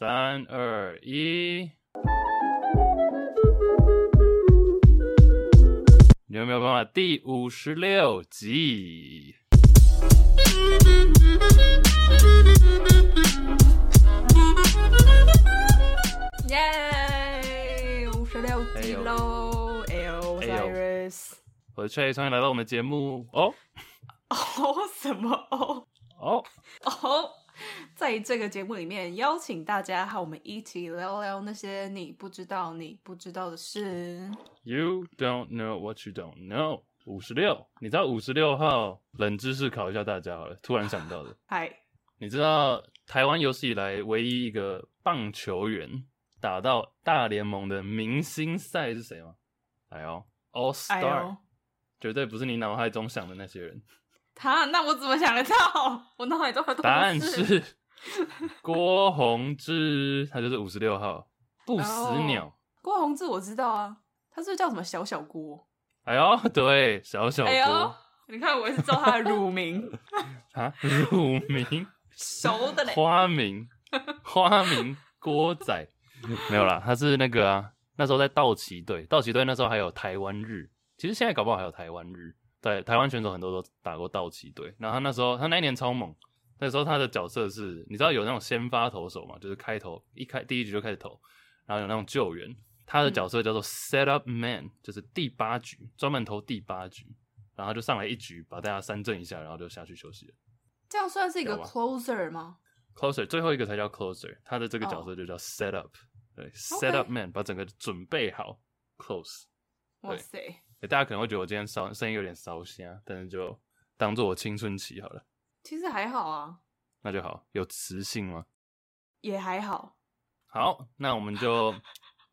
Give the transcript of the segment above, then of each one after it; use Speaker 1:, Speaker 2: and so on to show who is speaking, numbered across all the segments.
Speaker 1: 三二一， 你有沒有辦法？第五十六集，
Speaker 2: 耶、yeah，五十
Speaker 1: 六集嘍，L，L，歡迎來到我們的節目哦哦，oh?
Speaker 2: Oh, 什麼哦哦哦。Oh? Oh? Oh? 在這個節目裡面，邀請大家和我們一起聊聊那些你不知道、你不知道的事。
Speaker 1: You don't know what you don't know 56. 56。五十六，你知道五十六號冷知識考一下大家好了。突然想到的，嗨， 你知道台灣有史以來唯一一個棒球員打到大聯盟的明星賽是誰嗎？來哦，All Star，絕對不是你腦海中想的那些人。
Speaker 2: 他那我怎麼想得到？我腦海都很多答案是
Speaker 1: 郭泓志， 他就是五十六號
Speaker 2: 不死鳥。哎、郭泓志我知道啊，他是，是叫什麼小小郭？
Speaker 1: 哎呦，對小小郭，哎、
Speaker 2: 你看我也是叫他的乳名
Speaker 1: 啊，乳 名熟的嘞。 花名花名郭仔 沒有啦，他是那個啊，那時候在道奇隊，道奇隊那時候還有台灣日，其實現在搞不好還有台灣日。對，台灣選手很多都打過道奇隊，然後他那時候他那一年超猛，那時候他的角色是，你知道有那種先發投手嘛，就是開頭一開第一局就開始投，然後有那種救援，他的角色叫做 set up man，就是第八局專門投第八局，然後就上來一局把大家三振一下，然後就下去休息了。
Speaker 2: 這樣算是一個 closer 嗎、嗎
Speaker 1: ？closer 最後一個才叫 closer，他的這個角色就叫 set up，、oh. 對 set up man，、okay. 把整個準備好 close，哇塞。Oh, 欸、大家可能會覺得我今天燒聲音有點燒心啊，但是就當做我青春期好了。
Speaker 2: 其實還好啊。
Speaker 1: 那就好，有磁性嗎？
Speaker 2: 也還好。
Speaker 1: 好，那我們就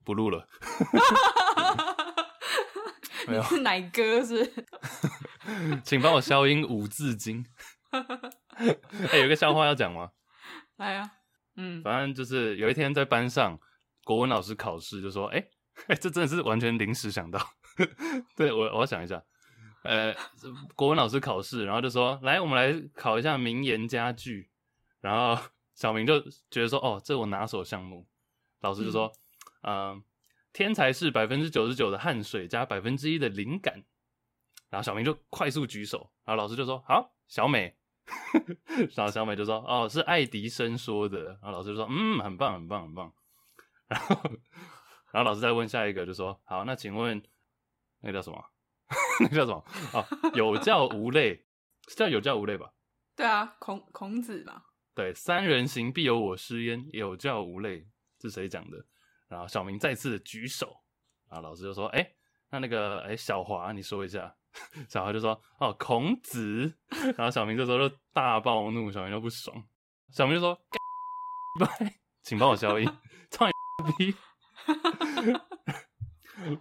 Speaker 1: 不錄了、 嗯哎。你是
Speaker 2: 乃哥是，是？
Speaker 1: 請幫我消音五字經。 欸、有個笑話要講嗎？
Speaker 2: 來啊，嗯，
Speaker 1: 反正就是有一天在班上，國文老師考試就說：“哎、欸欸，這真的是完全臨時想到。” 對我，我想一下。呃，國文老師考試，然後就說：“來，我們來考一下名言佳句。”然後小明就覺得說：“哦，這我拿手項目。”老師就說：“嗯、呃，天才是百分之九十九的汗水加百分之一的靈感。”然後小明就快速舉手，然後老師就說：“好，小美。 ”然後小美就說：“哦，是愛迪生說的。”然後老師就說：“嗯，很棒，很棒，很棒。”然後，然後老師再問下一個，就說：“好，那請問？”那個、叫什麼？ 那個叫什麼？啊、哦，有教無類， 是叫有教無類吧？
Speaker 2: 對啊，孔孔子嘛。
Speaker 1: 對，三人行必有我師焉，有教無類是誰講的？然後小明再次舉手，然後老師就說：“哎、欸，那那個，哎、欸，小華你說一下。”小華就說：“哦，孔子。”然後小明這時候就大暴怒，小明就不爽，小明就說：“拜， 請幫我消音， 唱一逼 XP。 ”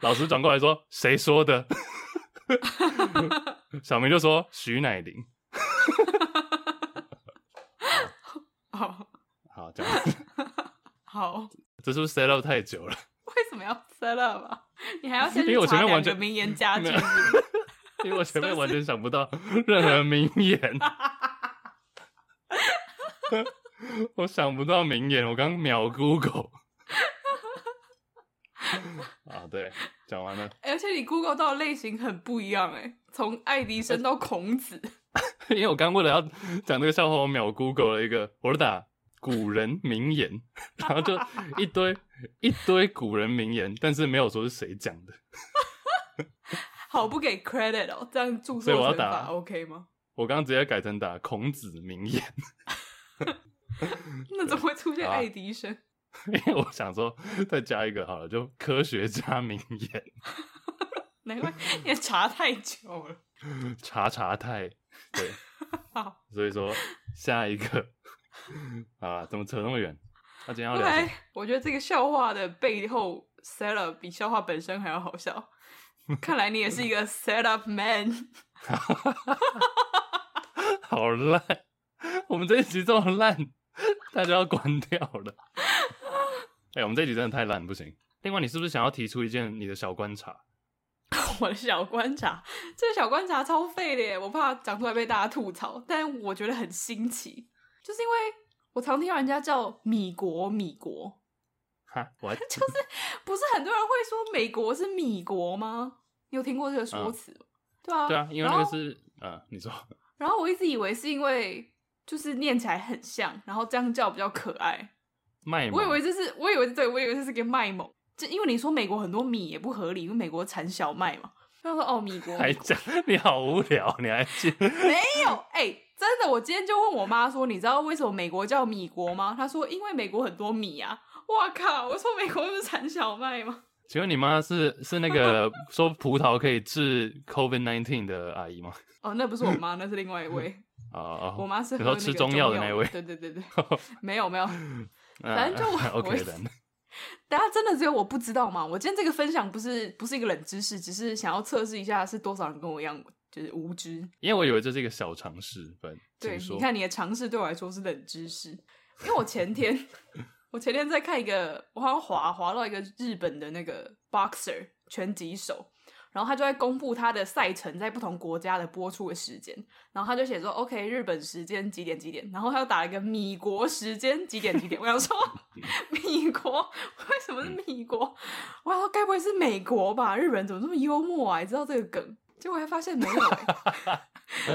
Speaker 1: 老師轉過來說：“誰說的？” 小明就說：“徐乃麟。
Speaker 2: ”好，oh. 好，這樣子。子好，
Speaker 1: 這是不是 set up 太久了？
Speaker 2: 為什麼要 set up 啊？你還要先 因為我前面完全名言佳句，因為我前面完
Speaker 1: 全想不到任何名言。 我想不到名言，我剛秒 Google。 啊，對，講完了。
Speaker 2: 而且你 Google 到的類型很不一樣哎，從愛迪生到孔子。
Speaker 1: 因為我剛剛為了要講這個笑話，我秒 Google 了一個，我是打古人名言， 然後就一堆一堆古人名言，但是沒有說是誰講的，
Speaker 2: 好不給 credit 哦，這樣注，所以我要打 OK 嗎？我
Speaker 1: 剛剛直接改成打孔子名言，
Speaker 2: 那怎麼會出現愛迪生？
Speaker 1: 因為我想說，再加一個好了，就科學家名言。
Speaker 2: 難怪，因為查太久了，
Speaker 1: 查查太對。好，所以說下一個啊，怎麼扯那麼遠？他、啊、今天要聊。Okay,
Speaker 2: 我覺得這個笑話的背後 setup 比笑話本身還要好，好笑。 看來你也是一個 setup man。
Speaker 1: 好爛，我們這一集這麼爛，大家要關掉了。哎、欸，我們這一集真的太爛，不行。另外，你是不是想要提出一件你的小觀察？
Speaker 2: 我的小觀察，這個小觀察超廢的耶，我怕講出來被大家吐槽，但我覺得很新奇，就是因為我常聽到人家叫米國，米國，
Speaker 1: 哈，我 就
Speaker 2: 是不是很多人會說美國是米國嗎？你有聽過這個說辭、啊啊？對啊，對啊，因為那個
Speaker 1: 是呃、啊，你說，
Speaker 2: 然後我一直以為是因為就是念起來很像，然後這樣叫比較可愛。賣萌，我以為這是，我以為對，我以為這是個賣萌，就因為你說美國很多米也不合理，因為美國產小麥嘛。他說：“哦，米國。米國”
Speaker 1: 還講，你好無聊，你還講。
Speaker 2: 沒有，哎、欸，真的，我今天就問我媽說，你知道為什麼美國叫米國嗎？她說：“因為美國很多米啊。”我靠，我說美國不是產小麥嗎？
Speaker 1: 請問你媽是是那個說葡萄可以治 COVID nineteen 的阿姨嗎？
Speaker 2: 哦，那不是我媽，那是另外一位。啊、 哦哦，
Speaker 1: 我媽是說吃中藥的那一位。對
Speaker 2: 對對對、對 沒，沒有沒有。反正就我，大、uh, 家、okay, 真的只有我不知道嗎？我今天這個分享不是不是一個冷知識，只是想要測試一下是多少人跟我一樣就是無知。
Speaker 1: 因為我以為這是一個小常識，對，你看你的
Speaker 2: 常識對我來說是冷知識。因為我前天， 我前天在看一個，我好像滑滑到一個日本的那個 boxer 拳擊手。然後他就會公布他的賽程，在不同國家的播出的時間，然後他就寫說：“OK，日本時間幾點幾點。”然後他又打了一個“米國時間幾點幾點。”我想說，米國為什麼是米國？我想說，該不會是美國吧？日本人怎麼這麼幽默啊？知道這個梗，結果還發現沒有、欸，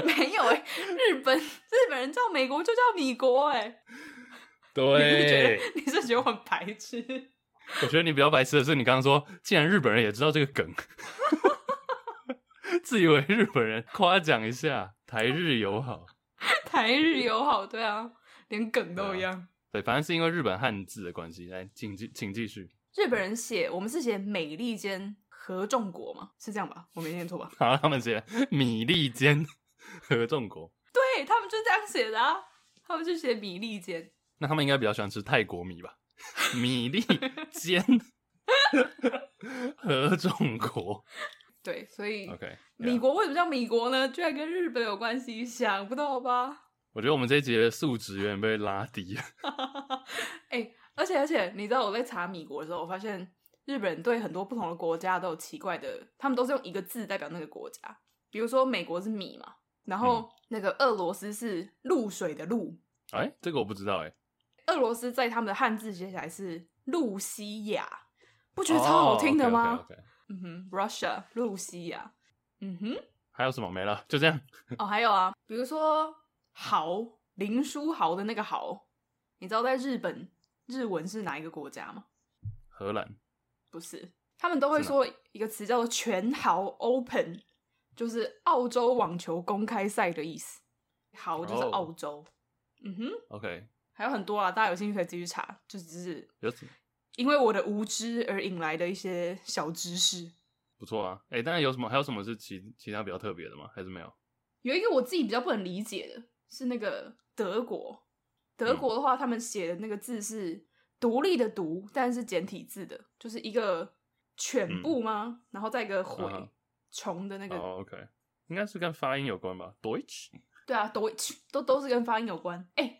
Speaker 2: 沒有、欸、日本日本人叫美國就叫米國哎、欸，
Speaker 1: 對，你是覺
Speaker 2: 得你是覺得我很白痴。
Speaker 1: 我覺得你比較白痴的是，你剛剛說，既然日本人也知道這個梗， 自以為日本人誇獎一下台日友好，
Speaker 2: 台日友好，對啊，連梗都一樣，
Speaker 1: 對啊，對，反正是因為日本漢字的關係。來，請繼，請繼續。
Speaker 2: 日本人寫我們是寫美利堅合眾國嘛，是這樣吧？我沒念錯吧？
Speaker 1: 好，他們寫米利堅合眾國，
Speaker 2: 對他們就這樣寫的，啊，他們就寫米利堅。
Speaker 1: 那他們應該比較喜歡吃泰國米吧？米利堅，合眾國。
Speaker 2: 對，所以，OK、yeah. 米國為什麼叫米國呢？居然跟日本有關係，想不到吧？
Speaker 1: 我覺得我們這一集的素質有點被拉低了
Speaker 2: 哎、 欸，而且而且，你知道我在查米國的時候，我發現日本人對很多不同的國家都有奇怪的，他們都是用一個字代表那個國家。比如說美國是米嘛，然後那個俄羅斯是露水的露。
Speaker 1: 哎、嗯欸，這個我不知道哎、欸。
Speaker 2: 俄羅斯在他們的漢字寫起來是“露西亞”，不覺得超好聽的嗎？Oh, okay, okay, okay. 嗯哼，Russia，露西亞。嗯哼，
Speaker 1: 還有什麼？沒了，就這樣。
Speaker 2: 哦，還有啊，比如說“豪”，林書豪的那個“豪”，你知道在日本日文是哪一個國家嗎？荷蘭。不是，他們都會說一個詞叫做“全豪 Open”，是就是澳洲網球公開賽的意思。“豪”就是澳洲。Oh. 嗯哼，OK。還有很多啊，大家有興趣可以繼續查，就只是
Speaker 1: 有
Speaker 2: 因為我的無知而引來的一些小知識，
Speaker 1: 不錯啊。哎、欸，但是有什麼？還有什麼是其其他比較特別的嗎？還是沒有？
Speaker 2: 有一個我自己比較不能理解的，是那個德國。德國的話，嗯、他們寫的那個字是“獨立”的“獨”，但是簡體字的，就是一個犬部嗎、嗯？然後再一個回“回、嗯、蟲”的那個。
Speaker 1: Oh, OK，應該是跟發音有關吧？Deutsch。
Speaker 2: 對啊，Deutsch 都都是跟發音有關。哎、欸。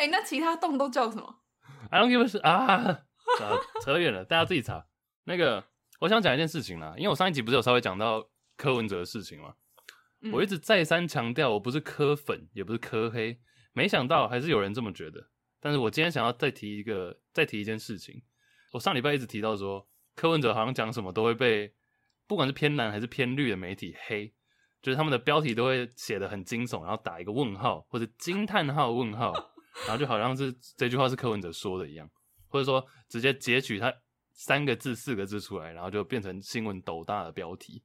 Speaker 2: 哎、欸，那其他洞都叫什麼
Speaker 1: ？I don't give a shit 啊，啊，扯遠了，大家自己查。 那個，我想講一件事情啦，因為我上一集不是有稍微講到柯文哲的事情嗎？嗯、我一直再三強調，我不是柯粉，也不是柯黑。沒想到還是有人這麼覺得。但是我今天想要再提一個，再提一件事情。我上禮拜一直提到說，柯文哲好像講什麼都會被，不管是偏藍還是偏綠的媒體黑，就是他們的標題都會寫得很驚悚，然後打一個問號或者驚嘆號問號。 然後就好像是這句話是柯文哲說的一樣，或者說直接截取他三個字、四個字出來，然後就變成新聞斗大的標題。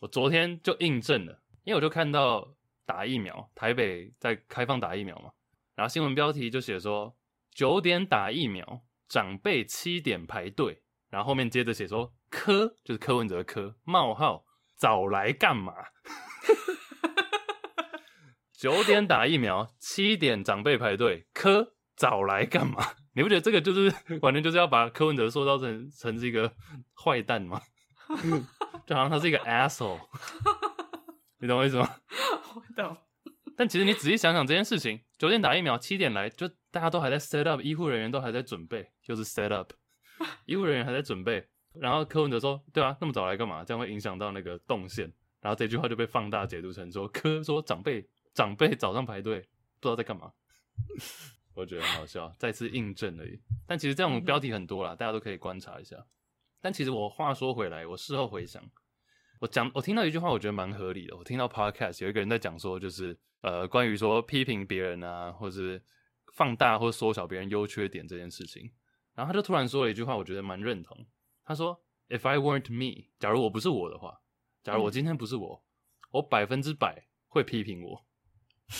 Speaker 1: 我昨天就印證了，因為我就看到打疫苗，台北在開放打疫苗嘛，然後新聞標題就寫說，九點打疫苗，長輩七點排隊，然後後面接着寫說柯，就是柯文哲的柯，冒號，早來幹嘛？ 九點打疫苗，七點長輩排隊，柯早來幹嘛？你不覺得這個就是完全就是要把柯文哲塑造成成一個壞蛋嗎？嗯，就好像他是一個 asshole，你懂我意思嗎？我懂。但其實你仔細想想這件事情，九點打疫苗，七點來，就大家都還在 set up，醫護人員都還在準備，就是 set up，醫護人員還在準備。然後柯文哲說：“對啊，那麼早來幹嘛？這樣會影響到那個動線。”然後這句話就被放大解讀成說：“柯說長輩。”長輩早上排隊，不知道在幹嘛， 我覺得很好笑，再次印證而已。但其實這種標題很多啦，大家都可以觀察一下。但其實我話說回來，我事後回想，我講我聽到一句話，我覺得蠻合理的。我聽到 podcast 有一個人在講說，就是呃，關於說批評別人啊，或是放大或縮小別人優缺點這件事情。然後他就突然說了一句話，我覺得蠻認同。他說：“If I weren't me，假如我不是我的話，假如我今天不是我，嗯、我百分之百會批評我。”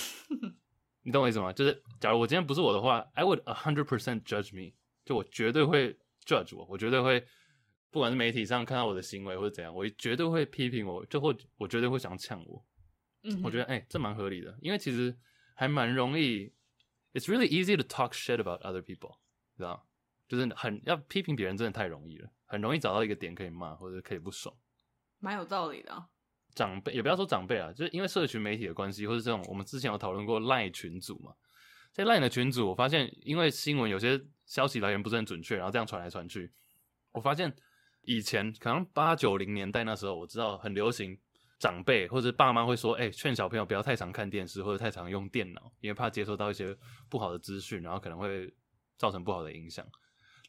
Speaker 1: 你懂我意思嗎？就是假如我今天不是我的話，I would 100% judge me。就我絕對會 judge 我，我絕對會，不管是媒體上看到我的行為或者怎樣，我絕對會批評我，就或我絕對會想嗆我。嗯，我覺得哎、欸，這蠻合理的，因為其實還蠻容易。It's really easy to talk shit about other people，知道？就是很要批評別人，真的太容易了，很容易找到一個點可以罵或者可以不爽。
Speaker 2: 蠻有道理的。
Speaker 1: 長輩也不要說長輩啊，就是因為社群媒體的關係，或者這種，我們之前有討論過賴群組嘛，在賴的群組，我發現因為新聞有些消息來源不是很準確，然後這樣傳來傳去，我發現以前可能八九零年代那時候，我知道很流行長輩或者爸媽會說，哎、欸，勸小朋友不要太常看電視或者太常用電腦，因為怕接收到一些不好的資訊，然後可能會造成不好的影響。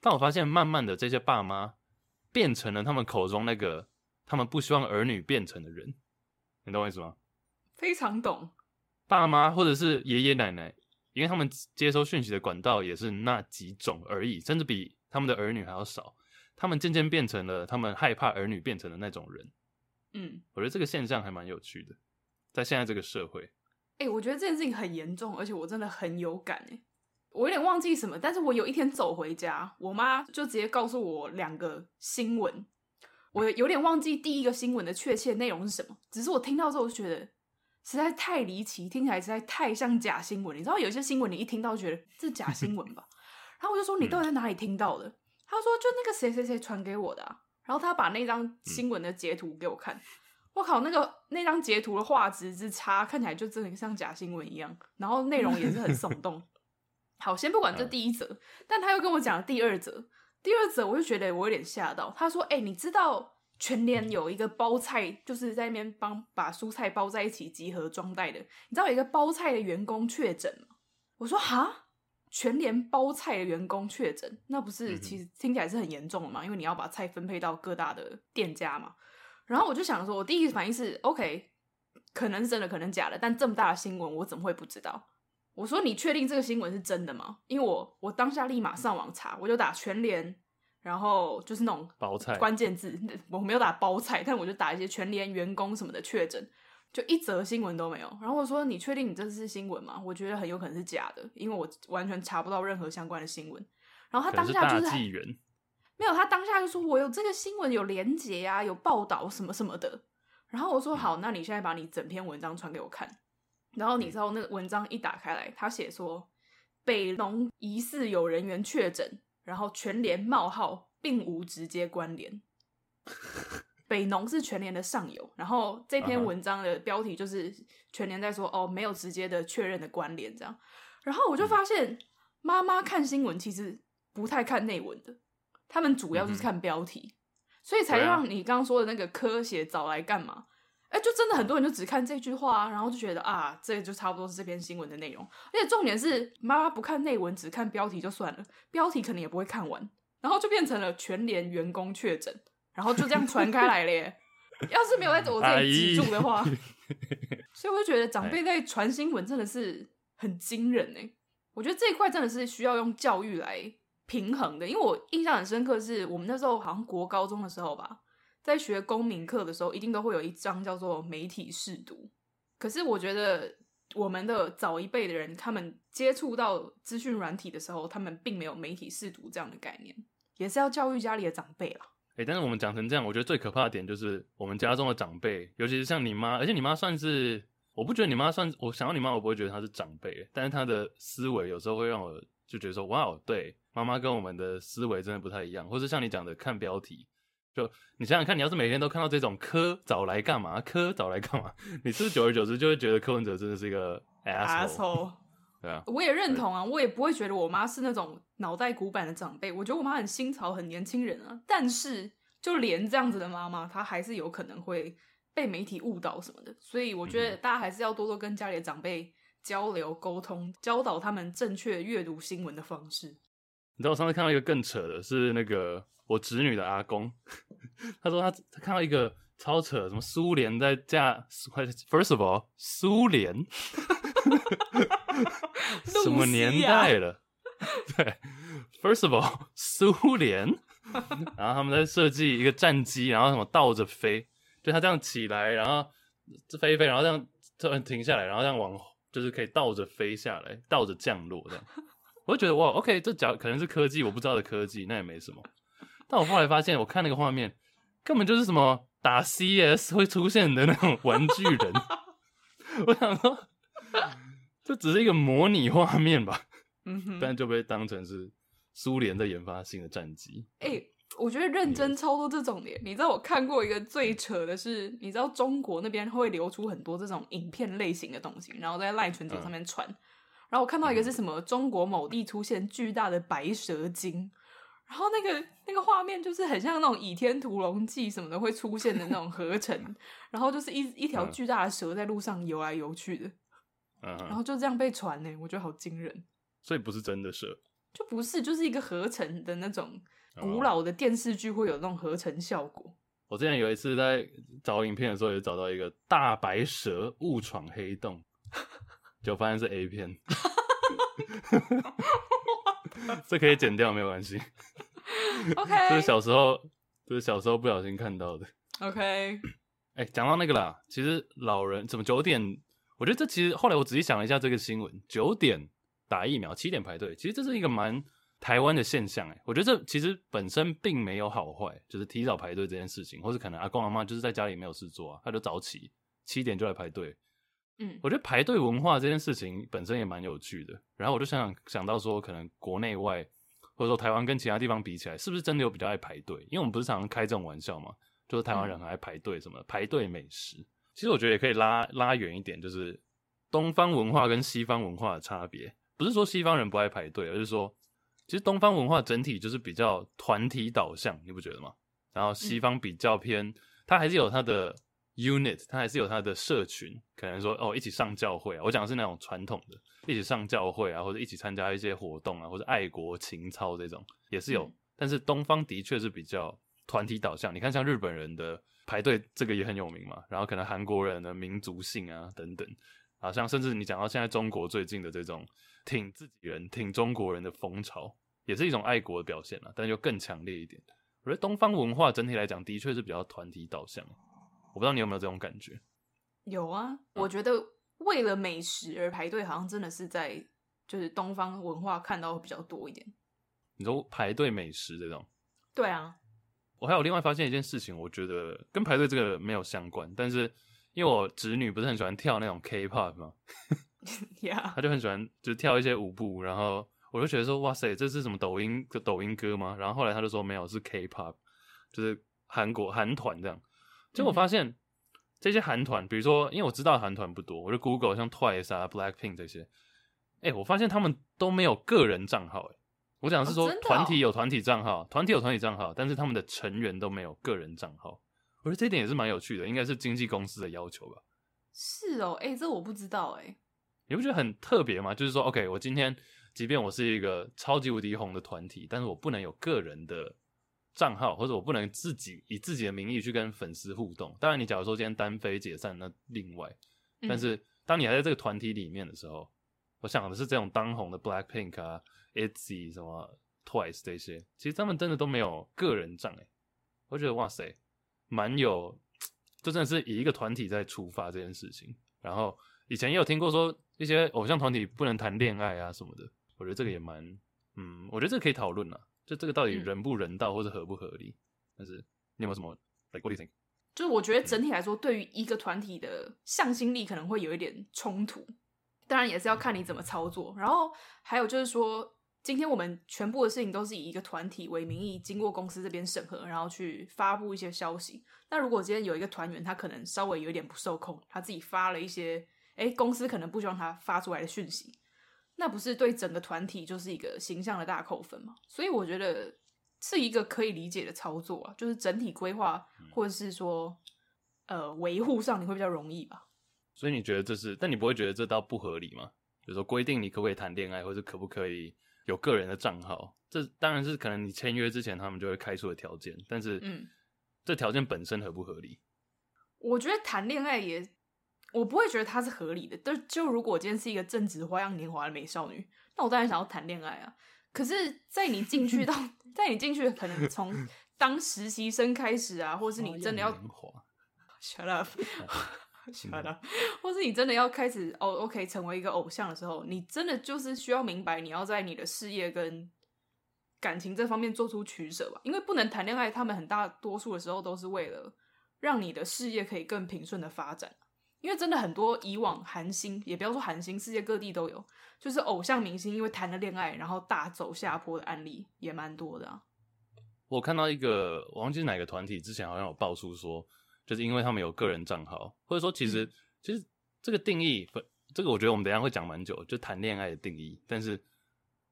Speaker 1: 但我發現，慢慢的這些爸媽變成了他們口中那個。他們不希望兒女變成的人，你懂我意思嗎？
Speaker 2: 非常懂。
Speaker 1: 爸媽或者是爺爺奶奶，因為他們接收訊息的管道也是那幾種而已，甚至比他們的兒女還要少。他們漸漸變成了他們害怕兒女變成的那種人。嗯，我覺得這個現象還蠻有趣的，在現在這個社會。
Speaker 2: 誒、欸，我覺得這件事情很嚴重，而且我真的很有感、欸。誒，我有點忘記什麼，但是我有一天走回家，我媽就直接告訴我兩個新聞。我有點忘記第一個新聞的確切內容是什麼，只是我聽到之後，我就覺得實在太離奇，聽起來實在太像假新聞。你知道，有些新聞你一聽到覺得是假新聞吧？然後我就說：“你到底在哪裡聽到的？”他就說：“就那個誰誰誰傳給我的啊。”然後他把那張新聞的截圖給我看，我靠，那個，那個那張截圖的畫質之差，看起來就真的像假新聞一樣。然後內容也是很聳動。好，先不管這第一則，但他又跟我講第二則。第二則，我就覺得我有點嚇到。他說：“哎、欸，你知道全聯有一個包菜，就是在那邊幫把蔬菜包在一起集合裝袋的。你知道有一個包菜的員工確診嗎？”我說：“哈，全聯包菜的員工確診，那不是其實聽起來是很嚴重的嘛，因為你要把菜分配到各大的店家嘛。”然後我就想說，我第一反應是：“OK，可能是真的，可能假的。但這麼大的新聞，我怎麼會不知道？”我說：“你確定這個新聞是真的嗎？因為我我當下立馬上網查，我就打全聯，然後就是那種關鍵字包菜，我沒有打包菜，但我就打一些全聯員工什麼的確診，就一則新聞都沒有。然後我說：你確定你這是新聞嗎？我覺得很有可能是假的，因為我完全查不到任何相關的新聞。然後他當下就在、是、沒有，他當下就說：我有這個新聞有連接呀、啊，有報道什麼什麼的。然後我說：好，那你現在把你整篇文章傳給我看。”然後你知道那個文章一打開來，他寫說北農疑似有人員確診，然後全聯冒號並無直接關聯。 北農是全聯的上游，然後這篇文章的標題就是全聯在說，uh-huh. 哦沒有直接的確認的關聯這樣。然後我就發現媽媽看新聞其實不太看內文的，他們主要就是看標題，uh-huh. 所以才讓你剛剛說的那個科學找來幹嘛？ 哎，就真的很多人就只看這句話，啊，然後就覺得啊，這個，就差不多是這篇新聞的內容。而且重點是，媽媽不看內文，只看標題就算了，標題可能也不會看完，然後就變成了全聯員工確診，然後就這樣傳開來咧。 要是沒有在我這裡記住的話，所以我就覺得長輩在傳新聞真的是很驚人呢。我覺得這一塊真的是需要用教育來平衡的，因為我印象很深刻，是我們那時候好像國高中的時候吧。在學公民課的時候，一定都會有一章叫做媒體識讀。可是我覺得我們的早一輩的人，他們接觸到資訊軟體的時候，他們並沒有媒體識讀這樣的概念，也是要教育家裡的長輩啦、
Speaker 1: 欸、但是我們講成這樣，我覺得最可怕的點就是我們家中的長輩，尤其是像你媽，而且你媽算是，我不覺得你媽算，我想到你媽，我不會覺得她是長輩，但是她的思維有時候會讓我就覺得說，哇哦，對，媽媽跟我們的思維真的不太一樣，或是像你講的看標題。就你想想看，你要是每天都看到這種“柯”找來幹嘛，“柯”找來幹嘛？你是不是久而久之就會覺得柯文哲真的是一個 asshole？
Speaker 2: 對啊，我也認同啊，我也不會覺得我媽是那種腦袋古板的長輩。我覺得我媽很新潮，很年輕人啊。但是就連這樣子的媽媽，她還是有可能會被媒體誤導什麼的。所以我覺得大家還是要多多跟家裡的長輩交流、溝通，教導他們正確閱讀新聞的方式。
Speaker 1: 你知道我上次看到一個更扯的是那個我侄女的阿公，他說他他看到一個超扯，什麼蘇聯在架，first of all，蘇聯，什麼年代了？對，first of all，蘇聯，然後他們在設計一個戰機，然後什麼倒着飛，對他這樣起來，然後飛一飛，然後這樣突然停下來，然後這樣往就是可以倒着飛下來，倒着降落這樣。我就覺得哇，OK，這腳可能是科技，我不知道的科技，那也沒什麼。但我後來發現，我看那個畫面，根本就是什麼打 CS 會出現的那種玩具人。 我想說，這只是一個模擬畫面吧。嗯哼。但就被當成是蘇聯在研發新的戰機。
Speaker 2: 哎、欸嗯，我覺得認真操作這種的、嗯，你知道，我看過一個最扯的是，你知道中國那邊會流出很多這種影片類型的東西，然後在賴群組上面傳。嗯然後我看到一個是什麼？中國某地出現巨大的白蛇精，然後那個那個畫面就是很像那種《倚天屠龍記》什麼的會出現的那種合成， 然後就是一一條巨大的蛇在路上游來游去的，
Speaker 1: 嗯嗯，然後
Speaker 2: 就這樣被傳呢，欸，我覺得好驚人。
Speaker 1: 所以不是真的蛇，
Speaker 2: 就不是，就是一個合成的那種古老的電視劇會有那種合成效果。
Speaker 1: 我之前有一次在找影片的時候，也找到一個大白蛇誤闖黑洞。就發現是 A 片 這可以剪掉 沒有關係係。
Speaker 2: OK，這是
Speaker 1: 小時候，就是小時候不小心看到的。OK，誒、欸、講到那個啦，其實老人怎麼九點？我覺得這其實後來我仔細想了一下，這個新聞九點打疫苗，七點排隊，其實這是一個蠻台灣的現象誒，我覺得這其實本身並沒有好壞，就是提早排隊這件事情，或是可能阿公阿媽就是在家裡沒有事做啊，他就早起七點就來排隊。嗯，我覺得排隊文化這件事情本身也蠻有趣的。然後我就想想想到說，可能國內外或者說台灣跟其他地方比起來，是不是真的有比較愛排隊？因為我們不是常常開這種玩笑嘛，就是台灣人很愛排隊，什麼的、嗯、排隊美食。其實我覺得也可以拉拉遠一點，就是東方文化跟西方文化的差別，不是說西方人不愛排隊，而是說其實東方文化整體就是比較團體導向，你不覺得嗎？然後西方比較偏，它還是有它的。Unit，他還是有他的社群，可能說哦，一起上教會啊。我講的是那種傳統的，一起上教會啊，或者一起參加一些活動啊，或者愛國情操這種也是有、嗯。但是東方的確是比較團體導向。你看，像日本人的排隊這個也很有名嘛。然後可能韓國人的民族性啊等等，好像甚至你講到現在中國最近的這種挺自己人、挺中國人的風潮，也是一種愛國的表現啊。但是就更強烈一點。我覺得東方文化整體來講的確是比較團體導向。我不知道你有沒有這種感覺，
Speaker 2: 有啊，嗯、我覺得為了美食而排隊，好像真的是在就是東方文化看到會比較多一點。
Speaker 1: 你說排隊美食這種，對啊。我還有另外發現一件事情，我覺得跟排隊這個沒有相關，但是因為我侄女不是很喜歡跳那種 K-pop 嘛，
Speaker 2: yeah. 她
Speaker 1: 他就很喜歡就是跳一些舞步，然後我就覺得說哇塞，這是什麼抖音的抖音歌嗎？然後後來他就說沒有，是 K-pop，就是韓國韓團這樣。結果我發現這些韓團，比如說，因為我知道韓團不多，我就 Google 像 Twice 啊、Blackpink 這些，哎、欸，我發現他們都沒有個人賬號、欸。哎，我講是說，團、啊喔、體有團體賬號，團體有團體賬號，但是他們的成員都沒有個人賬號。我覺得這一點也是蠻有趣的，應該是經紀公司的要求吧？
Speaker 2: 是哦、喔，哎、欸，這我不知道哎、
Speaker 1: 欸，你不覺得很特別嗎？就是說，OK，我今天即便我是一個超級無敵紅的團體，但是我不能有個人的。賬號或者我不能自己以自己的名義去跟粉絲互動。當然，你假如說今天單飛解散，那另外。但是當你還在這個團體裡面的時候、嗯，我想的是這種當紅的 BLACKPINK 啊、ITZY 什麼 Twice 這些，其實他們真的都沒有個人賬哎、欸。我覺得哇塞，蠻有，就真的是以一個團體在出發這件事情。然後以前也有聽過說一些偶像團體不能談戀愛啊什麼的，我覺得這個也蠻，嗯，我覺得這個可以討論啊。就這個到底人不人道，或是合不合理、嗯？但是你有沒有什麼？Like, what do you think？就
Speaker 2: 是我覺得整體來說，對於一個團體的向心力可能會有一點衝突。當然也是要看你怎麼操作。然後還有就是說，今天我們全部的事情都是以一個團體為名義，經過公司這邊審核，然後去發布一些消息。那如果今天有一個團員，他可能稍微有一點不受控，他自己發了一些，哎、欸，公司可能不希望他發出來的訊息。那不是對整個團體就是一個形象的大扣分嗎？所以我覺得是一個可以理解的操作啊，就是整體規劃或者是說，嗯、呃，維護上你會比較容易吧。
Speaker 1: 所以你覺得這是？但你不會覺得這倒不合理嗎？比如說規定你可不可以談戀愛，或者可不可以有個人的賬號？這當然是可能你簽約之前他們就會開出的條件，但是嗯，這條件本身合不合理？
Speaker 2: 嗯、我覺得談戀愛也。我不會覺得它是合理的。但就如果今天是一個正值花樣年華的美少女，那我當然想要談戀愛啊。可是，在你進去到， 在你進去可能從當實習生開始啊，或是你真的要、哦、要，shut up、哦 嗯、或是你真的要開始哦，OK，成為一個偶像的時候，你真的就是需要明白你要在你的事業跟感情這方面做出取捨吧。因為不能談戀愛，他們很大多數的時候都是為了讓你的事業可以更平順的發展。因為真的很多以往韓星，也不要說韓星，世界各地都有，就是偶像明星因為談了戀愛，然後大走下坡的案例也蠻多的啊。
Speaker 1: 我看到一個，我忘記哪個團體之前好像有爆出說，就是因為他們有個人賬號，或者說其實、嗯、其實這個定義，這個我覺得我們等一下會講蠻久，就談戀愛的定義。但是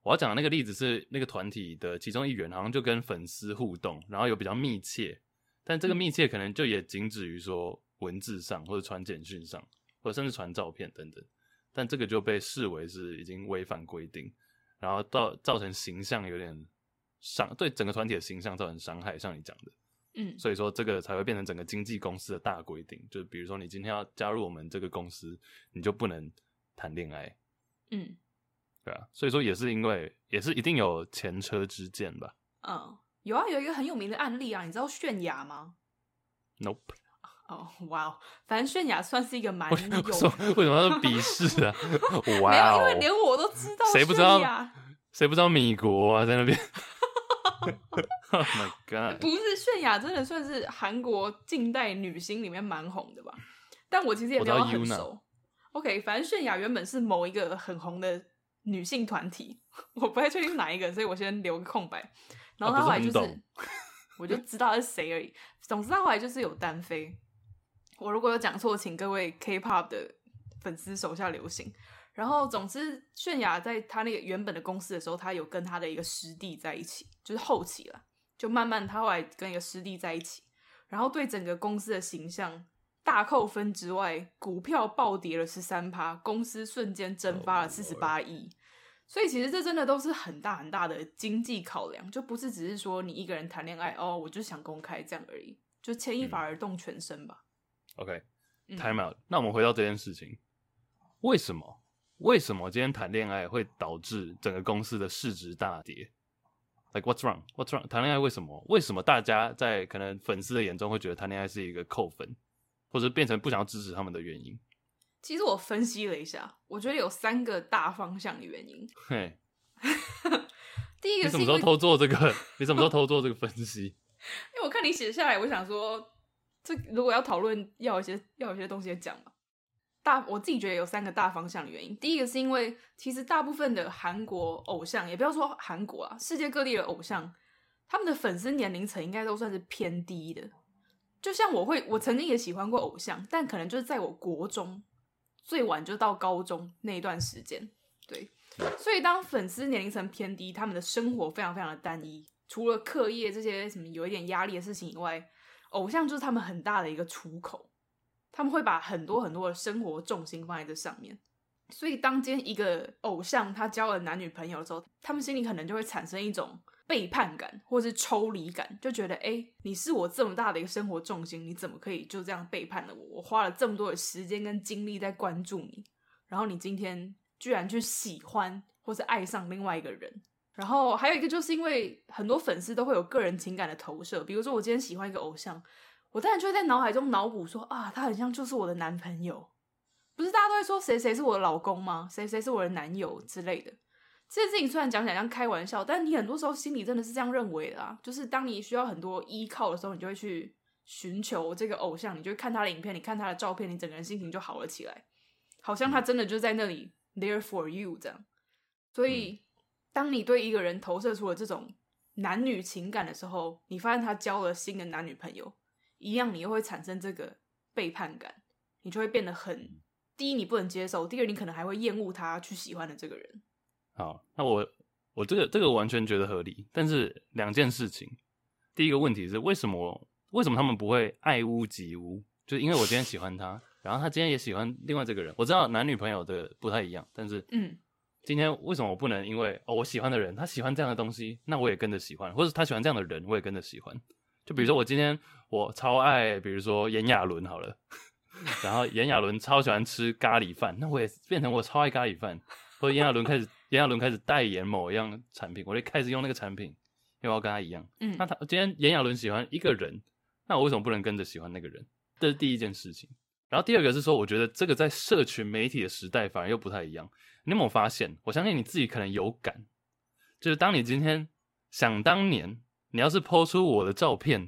Speaker 1: 我要講的那個例子是那個團體的其中一員，好像就跟粉絲互動，然後有比較密切，但這個密切可能就也僅止於說。嗯文字上或者傳簡訊上，或者甚至傳照片等等，但這個就被視為是已經違反規定，然後造成形象有點傷，對整個團體的形象造成傷害，像你講的，嗯，所以說這個才會變成整個經紀公司的大規定，就比如說你今天要加入我們這個公司，你就不能談戀愛，嗯，對啊，所以說也是因為也是一定有前車之鑑吧，
Speaker 2: 嗯，有啊，有一個很有名的案例啊，你知道泫雅嗎？Nope。哇哦，反正泫雅算是一個蠻有的……為什麼要鄙視
Speaker 1: 啊？哇、wow. 哦， 因為連我都知道，誰不知道？誰不知道？米國、啊、在那邊、 oh、？My God，
Speaker 2: 不是，泫雅真的算是韓國近代女星裡面蠻紅的吧？但我其實也沒有很熟。OK，反正泫雅原本是某一個很紅的女性團體，我不太確定是哪一個，所以我先留個空白。然後她後來就是,、啊是，我就知道是誰而已。 總之，她後來就是有單飛。我如果有講錯，請各位 K-pop 的粉絲手下留情。然後，總之，泫雅在她那個原本的公司的時候，她有跟她的一個師弟在一起，就是後期了，就慢慢她後來跟一個師弟在一起，然後對整個公司的形象大扣分之外，股票暴跌了十三趴，公司瞬間蒸發了四十八億。所以，其實這真的都是很大很大的經濟考量，就不是只是說你一個人談戀愛哦，我就想公開這樣而已，就牽一髮而動全身吧。
Speaker 1: OK，time out、okay, 嗯。那我們回到這件事情，為什麼？為什麼今天談戀愛會導致整個公司的市值大跌？Like what's wrong? What's wrong? 談戀愛為什麼？為什麼大家在可能粉絲的眼中會覺得談戀愛是一個扣分，或者變成不想要支持他們的原因？
Speaker 2: 其實我分析了一下，我覺得有三個大方向的原因。
Speaker 1: 嘿、hey, ，
Speaker 2: 第一個是，你什麼時候偷
Speaker 1: 做這個？ 你什麼時候偷做這個分析？ 因
Speaker 2: 為我看你寫下來，我想說。這如果要討論要有一些，要有一些東西要講吧，大我自己覺得有三個大方向的原因。第一個是因為其實大部分的韓國偶像，也不要說韓國啊，世界各地的偶像，他們的粉絲年齡層應該都算是偏低的。就像我會，我曾經也喜歡過偶像，但可能就是在我國中最晚就到高中那一段時間，對。所以當粉絲年齡層偏低，他們的生活非常非常的單一，除了課業這些什麼有一點壓力的事情以外，偶像就是他們很大的一個出口，他們會把很多很多的生活重心放在這上面，所以當今天一個偶像他交了男女朋友的時候，他們心裡可能就會產生一種背叛感，或是抽離感，就覺得哎、欸，你是我這麼大的一個生活重心，你怎麼可以就這樣背叛了我？我花了這麼多的時間跟精力在關注你，然後你今天居然去喜歡或是愛上另外一個人。然後還有一個，就是因為很多粉絲都會有個人情感的投射，比如說我今天喜歡一個偶像，我當然就會在腦海中腦補說啊，他很像就是我的男朋友，不是大家都會說誰誰是我的老公嗎？誰誰是我的男友之類的。這些事情雖然講起來像開玩笑，但你很多時候心裡真的是這樣認為的。啊。就是當你需要很多依靠的時候，你就會去尋求這個偶像，你就會看他的影片，你看他的照片，你整個人心情就好了起來，好像他真的就在那裡 there for you 這樣。所以。嗯當你對一個人投射出了這種男女情感的時候，你發現他交了新的男女朋友，一樣你又會產生這個背叛感，你就會變得很、嗯、第一你不能接受，第二你可能還會厭惡他去喜歡的這個人。
Speaker 1: 好，那我我這個這個完全覺得合理，但是兩件事情，第一個問題是為什麼為什麼他們不會愛屋及烏？就是因為我今天喜歡他， 然後他今天也喜歡另外這個人，我知道男女朋友的不太一樣，但是嗯。今天為什麼我不能？因為，哦，我喜歡的人，他喜歡這樣的東西，那我也跟着喜歡；或者他喜歡這樣的人，我也跟着喜歡。就比如說，我今天我超愛，比如說炎亞綸好了，然後炎亞綸超喜歡吃咖喱飯，那我也變成我超愛咖喱飯，或者炎亞綸開始炎亞綸開始代言某一樣產品，我就開始用那個產品，因為我要跟他一樣。嗯。那他今天炎亞綸喜歡一個人，那我為什麼不能跟着喜歡那個人？這是第一件事情。然後第二個是說，我覺得這個在社群媒體的時代反而又不太一樣。你有沒有發現？我相信你自己可能有感，就是當你今天想當年，你要是拋出我的照片，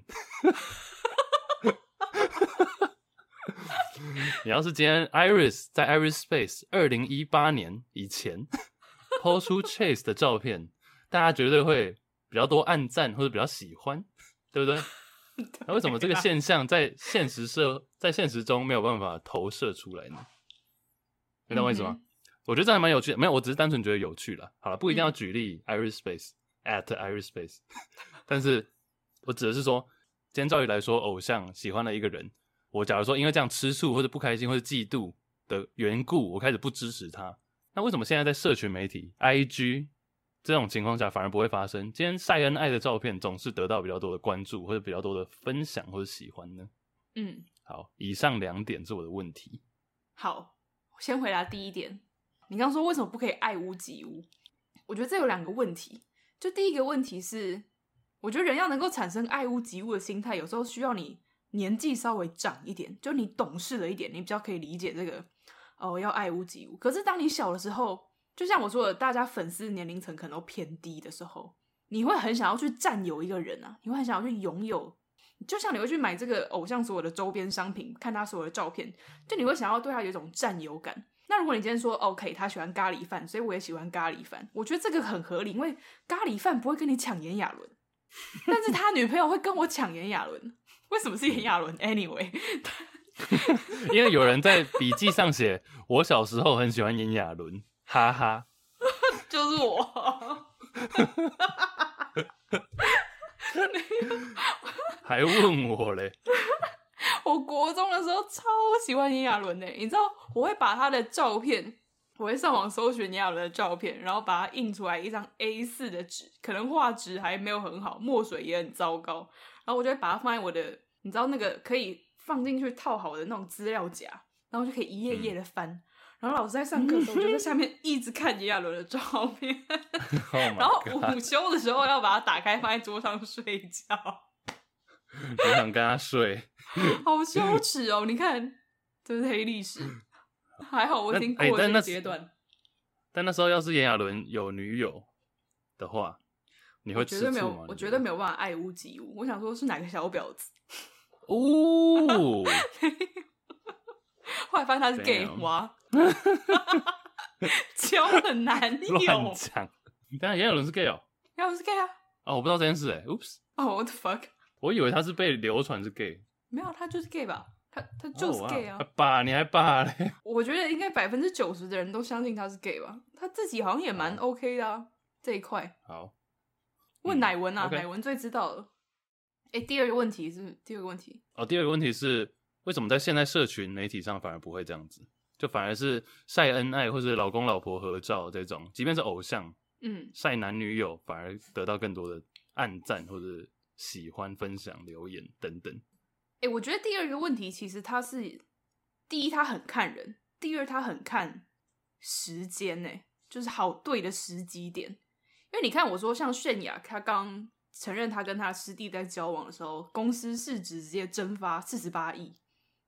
Speaker 1: 你要是今天 Iris 在 Iris Space 二零一八年以前拋 出 Chase 的照片，大家絕對會比較多按讚或者比較喜歡，對不對？ 那為什麼這個現象在現實社在現實中沒有辦法投射出來呢？明白我意思嗎？ 我覺得這還蠻有趣的，沒有，我只是單純覺得有趣了。好了，不一定要舉例，Iris Space at Iris Space。但是我指的是說，今天照理來說，偶像喜歡了一個人，我假如說因為這樣吃醋或者不開心或者嫉妒的緣故，我開始不支持他。那為什麼現在在社群媒體 IG？這種情況下反而不會發生。今天曬恩愛的照片總是得到比較多的關注，或者比較多的分享，或者喜歡呢？嗯，好，以上兩點是我的問題。
Speaker 2: 好，我先回答第一點。你剛剛說為什麼不可以愛屋及烏？我覺得這有兩個問題。就第一個問題是，我覺得人要能夠產生愛屋及烏的心態，有時候需要你年紀稍微長一點，就你懂事了一點，你比較可以理解這個哦，要愛屋及烏。可是當你小的時候，就像我說的，大家粉絲年齡層可能都偏低的時候，你會很想要去佔有一個人啊，你會很想要去擁有，就像你會去買這個偶像所有的周邊商品，看他所有的照片，就你會想要對他有一種佔有感。那如果你今天說 OK，他喜歡咖喱飯，所以我也喜歡咖喱飯，我覺得這個很合理，因為咖喱飯不會跟你搶炎亞綸，但是他女朋友會跟我搶炎亞綸，為什麼是炎亞綸？Anyway，
Speaker 1: 因為有人在筆記上寫， 我小時候很喜歡炎亞綸。哈
Speaker 2: 哈，就是我，哈哈哈哈哈！哈哈，還問我嘞？ 我國中的時候超喜歡炎亞綸的，你知道，我會把他的照片，我會上網搜尋炎亞綸的照片，然後把它印出來一張 A4 的紙，可能畫質還沒有很好，墨水也很糟糕，然後我就會把它放在我的，你知道那個可以放進去套好的那種資料夾，然後就可以一頁頁的翻。嗯然後老師在上課，我就在下面一直看炎亞綸的照片、 oh。然後午休的時候要把它打開放在桌上睡覺，我
Speaker 1: 想跟他睡，
Speaker 2: 好羞恥恥哦、喔！ 你看，這是黑歷史。 還好我已經過了這階段。但，欸、
Speaker 1: 但，那 但那時候要是炎亞綸有女友的話，你會絕對沒有，我
Speaker 2: 絕對沒有辦法愛屋及烏。我想說，是哪個小婊子？
Speaker 1: 哦 Ooh .， 後
Speaker 2: 來發現他是 gay，哇！哈哈哈！哈，腳很難，亂
Speaker 1: 講。當然也有人是 gay 哦，也有人是 gay 啊。哦、oh,，我不知道這件事、欸。哎，Oops！Oh, what the fuck！我以為他是被流傳是 gay，
Speaker 2: 沒有，他就是 gay 吧？他他就是 gay 啊,、oh, 啊，
Speaker 1: 啊！爸，你還爸嘞？
Speaker 2: 我覺得應該百分之九十的人都相信他是 gay 吧？他自己好像也蠻 OK 的啊，啊這一塊。好，問、嗯、乃文啊，okay. 乃文最知道了。哎、欸，第二個問題是，是第二個問題。
Speaker 1: 哦，第二個問題是為什麼在現在社群媒體上反而不會這樣子？就反而是曬恩愛或者老公老婆合照這種，即便是偶像，嗯，曬男女友反而得到更多的按讚或者喜歡、分享、留言等等。
Speaker 2: 哎、欸，我覺得第二個問題其實他是第一，他很看人；第二，他很看時間，呢，就是好對的時機點。因為你看，我說像泫雅，他剛承認他跟他師弟在交往的時候，公司市值直接蒸發四十八億。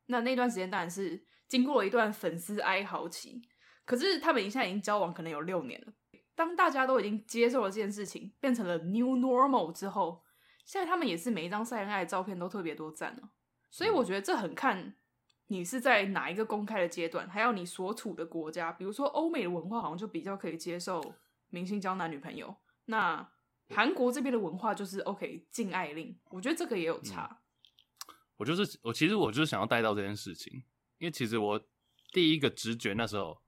Speaker 2: 那那段時間當然是。經過了一段粉絲哀嚎期，可是他們現在已經交往可能有六年了。當大家都已經接受了這件事情，變成了 new normal 之後，現在他們也是每一張曬恩愛的照片都特別多讚了。所以我覺得這很看你是在哪一個公開的階段，還有你所處的國家。比如說歐美的文化好像就比較可以接受明星交男女朋友，那韓國這邊的文化就是 OK，禁愛令。我覺得這個也有差。嗯、
Speaker 1: 我就是我，其實我就是想要帶到這件事情。因為其實我第一個直覺那時候，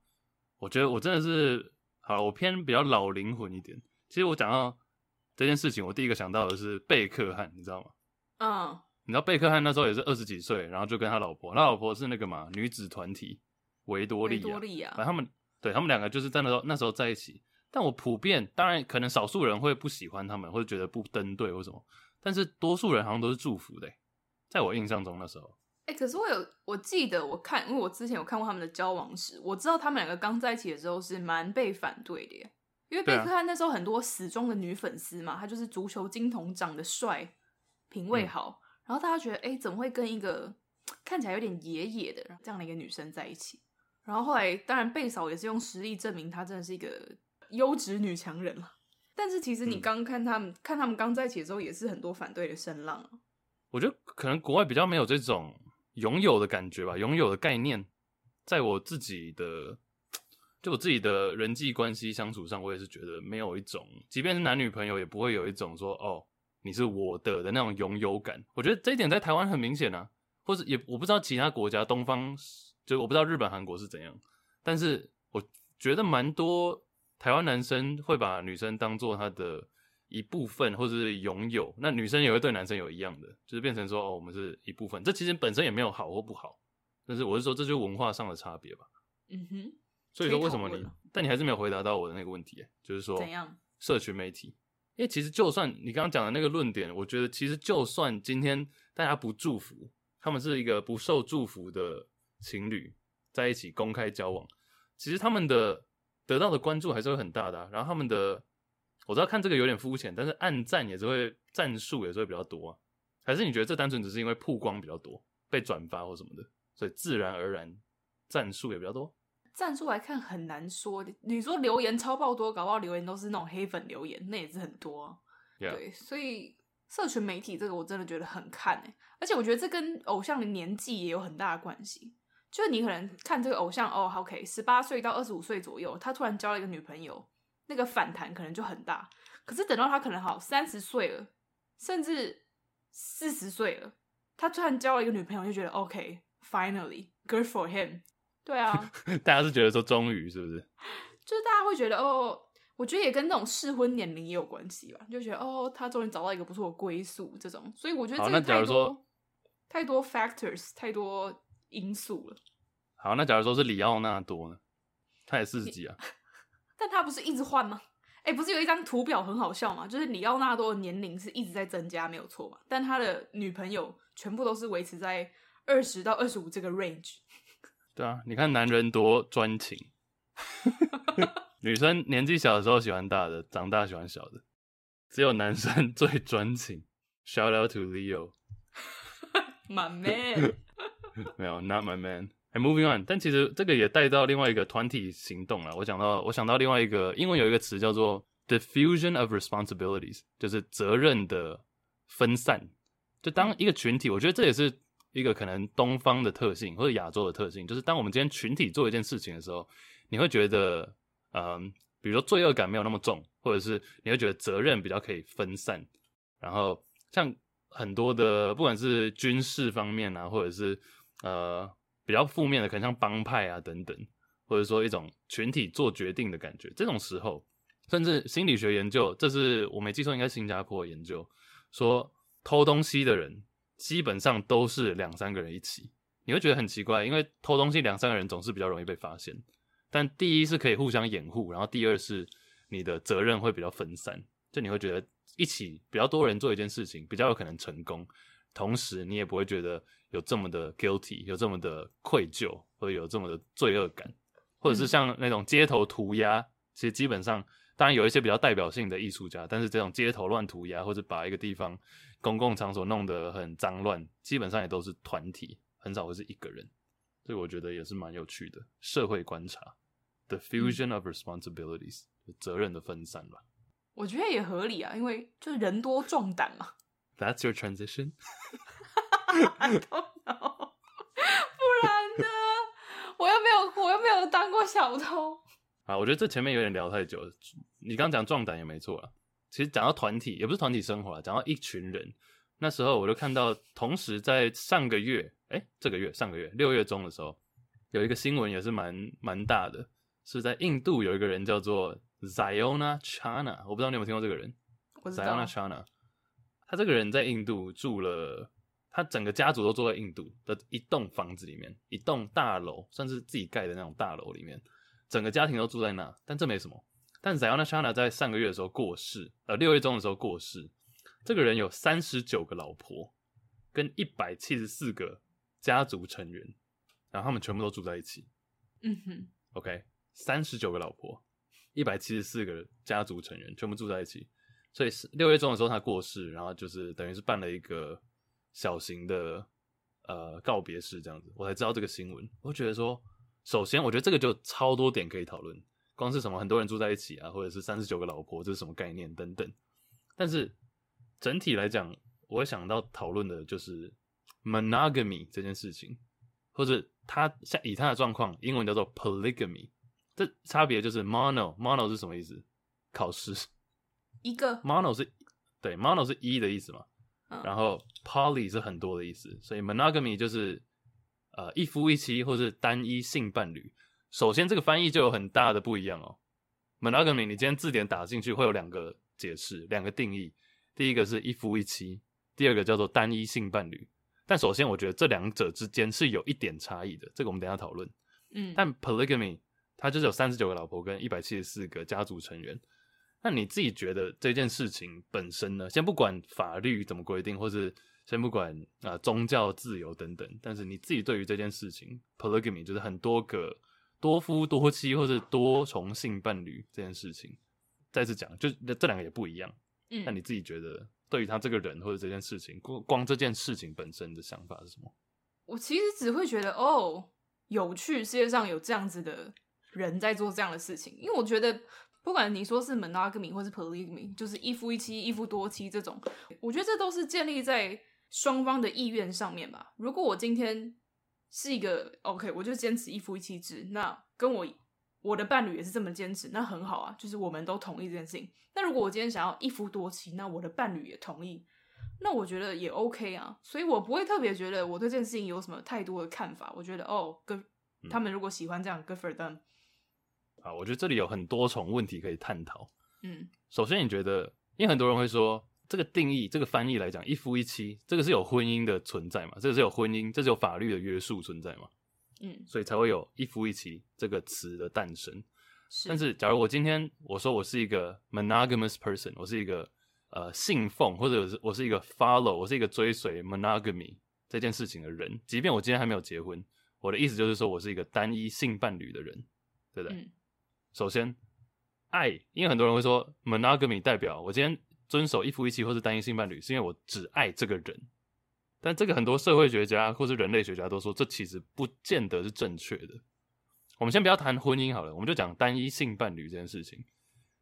Speaker 1: 我覺得我真的是，好，我偏比較老靈魂一點。其實我講到這件事情，我第一個想到的是貝克漢，你知道嗎？嗯，Oh，你知道貝克漢那時候也是二十幾歲，然後就跟他老婆，他老婆是那個嘛，女子團體維多利亞，維多利亞，反正他們，對，他們兩個就是在那時候那時候在一起。但我普遍當然可能少數人會不喜歡他們，或者覺得不登對或什麼，但是多數人好像都是祝福的，在我印象中那時候。
Speaker 2: 哎、欸，可是我有，我記得我看，因為我之前有看過他們的交往史，我知道他們兩個剛在一起的時候是蠻被反對的耶，因為貝克漢那時候很多死忠的女粉絲嘛，她、啊、就是足球金童，長得帥，品味好、嗯，然後大家覺得，哎、欸，怎麼會跟一個看起來有點野野的這樣的一個女生在一起？然後後來，當然貝嫂也是用實力證明她真的是一個優質女強人了。但是其實你剛看他們、嗯、看他們剛在一起的時候，也是很多反對的聲浪、啊。
Speaker 1: 我覺得可能國外比較沒有這種。擁有的感覺吧，擁有的概念，在我自己的，就我自己的人際關係相處上，我也是覺得沒有一種，即便是男女朋友，也不會有一種說，哦，你是我的的那種擁有感。我覺得這一點在台灣很明顯啊，或者也我不知道其他國家，東方就我不知道日本、韓國是怎樣，但是我覺得蠻多台灣男生會把女生當做他的。一部分或者是擁有，那女生也會對男生有一樣的，就是變成說，哦，我們是一部分。這其實本身也沒有好或不好，但是我是說，這就是文化上的差別吧。嗯哼。所以說為什麼你？但你還是沒有回答到我的那個問題，欸，就是說，怎樣？社群媒體。因為其實就算你剛剛講的那個論點，我覺得其實就算今天大家不祝福，他們是一個不受祝福的情侶在一起公開交往，其實他們的得到的關注還是會很大的啊，然後他們的。我知道看這個有點膚淺，但是按讚，也是會讚數，也是會比較多，啊，還是你覺得這單純只是因為曝光比較多，被轉發或什麼的，所以自然而然讚數也比較多？
Speaker 2: 讚數來看很難說，你說留言超爆多，搞不好留言都是那種黑粉留言，那也是很多，啊。Yeah. 對，所以社群媒體這個我真的覺得很難看誒、欸，而且我覺得這跟偶像的年紀也有很大的關係，就是你可能看這個偶像哦，OK，十八歲到二十五歲左右，他突然交了一個女朋友。那個反彈可能就很大，可是等到他可能好三十歲了，甚至四十歲了，他突然交了一個女朋友，就覺得 OK，finally、okay, good for him。對啊，
Speaker 1: 大家是覺得說終於是不是？就
Speaker 2: 是大家會覺得哦，我覺得也跟那種適婚年齡也有關係吧，就覺得哦，他終於找到一個不錯的歸宿這種。所以我覺得這個太多太多 factors，太多因素了。
Speaker 1: 好，那假如說是李奧納多呢？他也四十幾啊？
Speaker 2: 但他不是一直換嗎？欸，不是有一張圖表很好笑嗎？就是李奧納多的年齡是一直在增加，沒有錯吧？但他的女朋友全部都是維持在二十到二十五這個 range。
Speaker 1: 對啊，你看男人多專情， 女生年紀小的時候喜歡大的，長大喜歡小的，只有男生最專情。Shout out to Leo，my
Speaker 2: man。 沒
Speaker 1: 有，not my man. I'm moving on，但其實這個也帶到另外一個團體行動了。我想到，我想到另外一個英文有一個詞叫做 diffusion of responsibilities，就是責任的分散。就當一個群體，我覺得這也是一個可能東方的特性或者亞洲的特性，就是當我們今天群體做一件事情的時候，你會覺得，嗯、呃，比如說罪惡感沒有那麼重，或者是你會覺得責任比較可以分散。然後像很多的，不管是軍事方面啊，或者是呃。比較負面的，可能像幫派啊等等，或者說一種群體做決定的感覺。這種時候，甚至心理學研究，這是我沒記錯，應該是新加坡研究，說偷東西的人基本上都是兩三個人一起。你會覺得很奇怪，因為偷東西兩三個人總是比較容易被發現，但第一是可以互相掩護，然後第二是你的責任會比較分散，就你會覺得一起比較多人做一件事情，比較有可能成功。同時，你也不會覺得有這麼的 guilty，有這麼的愧疚，會有這麼的罪惡感，或者是像那種街頭塗鴉，嗯。其實基本上，當然有一些比較代表性的藝術家，但是這種街頭亂塗鴉或者把一個地方公共場所弄得很髒亂，基本上也都是團體，很少會是一個人。所以我覺得也是蠻有趣的，社會觀察 Diffusion of responsibilities，嗯、責任的分散吧。
Speaker 2: 我覺得也合理啊，因為就是人多壯膽嘛。
Speaker 1: That's your transition. I don't know.
Speaker 2: 不然呢？我又沒有，我又沒有當過小偷。
Speaker 1: 啊，我覺得這前面有點聊太久了。你剛講壯膽也沒錯啊。其實講到團體，也不是團體生活，講到一群人，那時候我就看到，同時在上個月，哎、欸，這個月上個月六月中的時候，有一個新聞也是蠻蠻大的，是在印度，有一個人叫做 Ziona Chana。我不知道你有沒有聽過這個人，Ziona Chana。他這個人在印度住了，他整個家族都住在印度的一棟房子裡面，一棟大樓，算是自己蓋的那種大樓裡面，整個家庭都住在那。但這沒什麼。但宰耀那 n a 在上個月的時候過世，呃，六月中的時候過世。這個人有三十九個老婆，跟一百七十四個家族成員，然後他們全部都住在一起。嗯哼，OK，三十九個老婆，一百七十四個家族成員，全部住在一起。所以六月中的時候他過世，然後就是等於是辦了一個小型的呃告別式這樣子，我才知道這個新聞。我覺得說，首先我覺得這個就超多點可以討論，光是什麼很多人住在一起啊，或者是三十九個老婆這是什麼概念等等。但是整體來講，我會想到討論的就是 monogamy 這件事情，或者他像以他的狀況，英文叫做 polygamy，這差別就是 mono mono 是什麼意思？考試。一個 mono 是對 mono 是一、e、的意思嘛、哦，然後 poly 是很多的意思，所以 monogamy 就是呃一夫一妻或是單一性伴侶。首先這個翻譯就有很大的不一樣哦、嗯。monogamy 你今天字典打進去會有兩個解釋，兩個定義。第一個是一夫一妻，第二個叫做單一性伴侶。但首先我覺得這兩者之間是有一點差異的，這個我們等一下討論。嗯，但 polygamy 它就是有三十九個老婆跟一百七十四個家族成員。那你自己覺得這件事情本身呢？先不管法律怎麼規定，或是先不管啊、呃、宗教自由等等，但是你自己對於這件事情，Polygamy、嗯、就是很多個多夫多妻或是多重性伴侶這件事情，再次講，就這兩個也不一樣。那、嗯、你自己覺得對於他這個人或者這件事情，光光這件事情本身的想法是什麼？
Speaker 2: 我其實只會覺得哦，有趣，世界上有這樣子的人在做這樣的事情，因為我覺得。不管你說是門 a 克米或是普利米，就是一夫一妻、一夫多妻這種，我覺得這都是建立在雙方的意願上面吧。如果我今天是一個 OK，我就堅持一夫一妻制，那跟我我的伴侶也是這麼堅持，那很好啊，就是我們都同意這件事情。那如果我今天想要一夫多妻，那我的伴侶也同意，那我覺得也 OK 啊。所以，我不會特別覺得我對這件事情有什麼太多的看法。我覺得哦，跟、oh, 他們如果喜歡這樣 g o o for t h n m
Speaker 1: 啊，我覺得這裡有很多重問題可以探討。嗯，首先你覺得，因為很多人會說這個定義、這個翻譯來講，一夫一妻，這個是有婚姻的存在嘛？這個是有婚姻，這是有法律的約束存在嘛？嗯，所以才會有一夫一妻這個詞的誕生。但是，假如我今天我說我是一個 monogamous person，我是一個呃信奉，或者我是我是一個 follow，我是一個追隨 monogamy 這件事情的人，即便我今天還沒有結婚，我的意思就是說我是一個單一性伴侶的人，對不對？嗯首先，愛，因為很多人會說，monogamy 代表我今天遵守一夫一妻或是單一性伴侶，是因為我只愛這個人。但這個很多社會學家或是人類學家都說，這其實不見得是正確的。我們先不要談婚姻好了，我們就講單一性伴侶這件事情。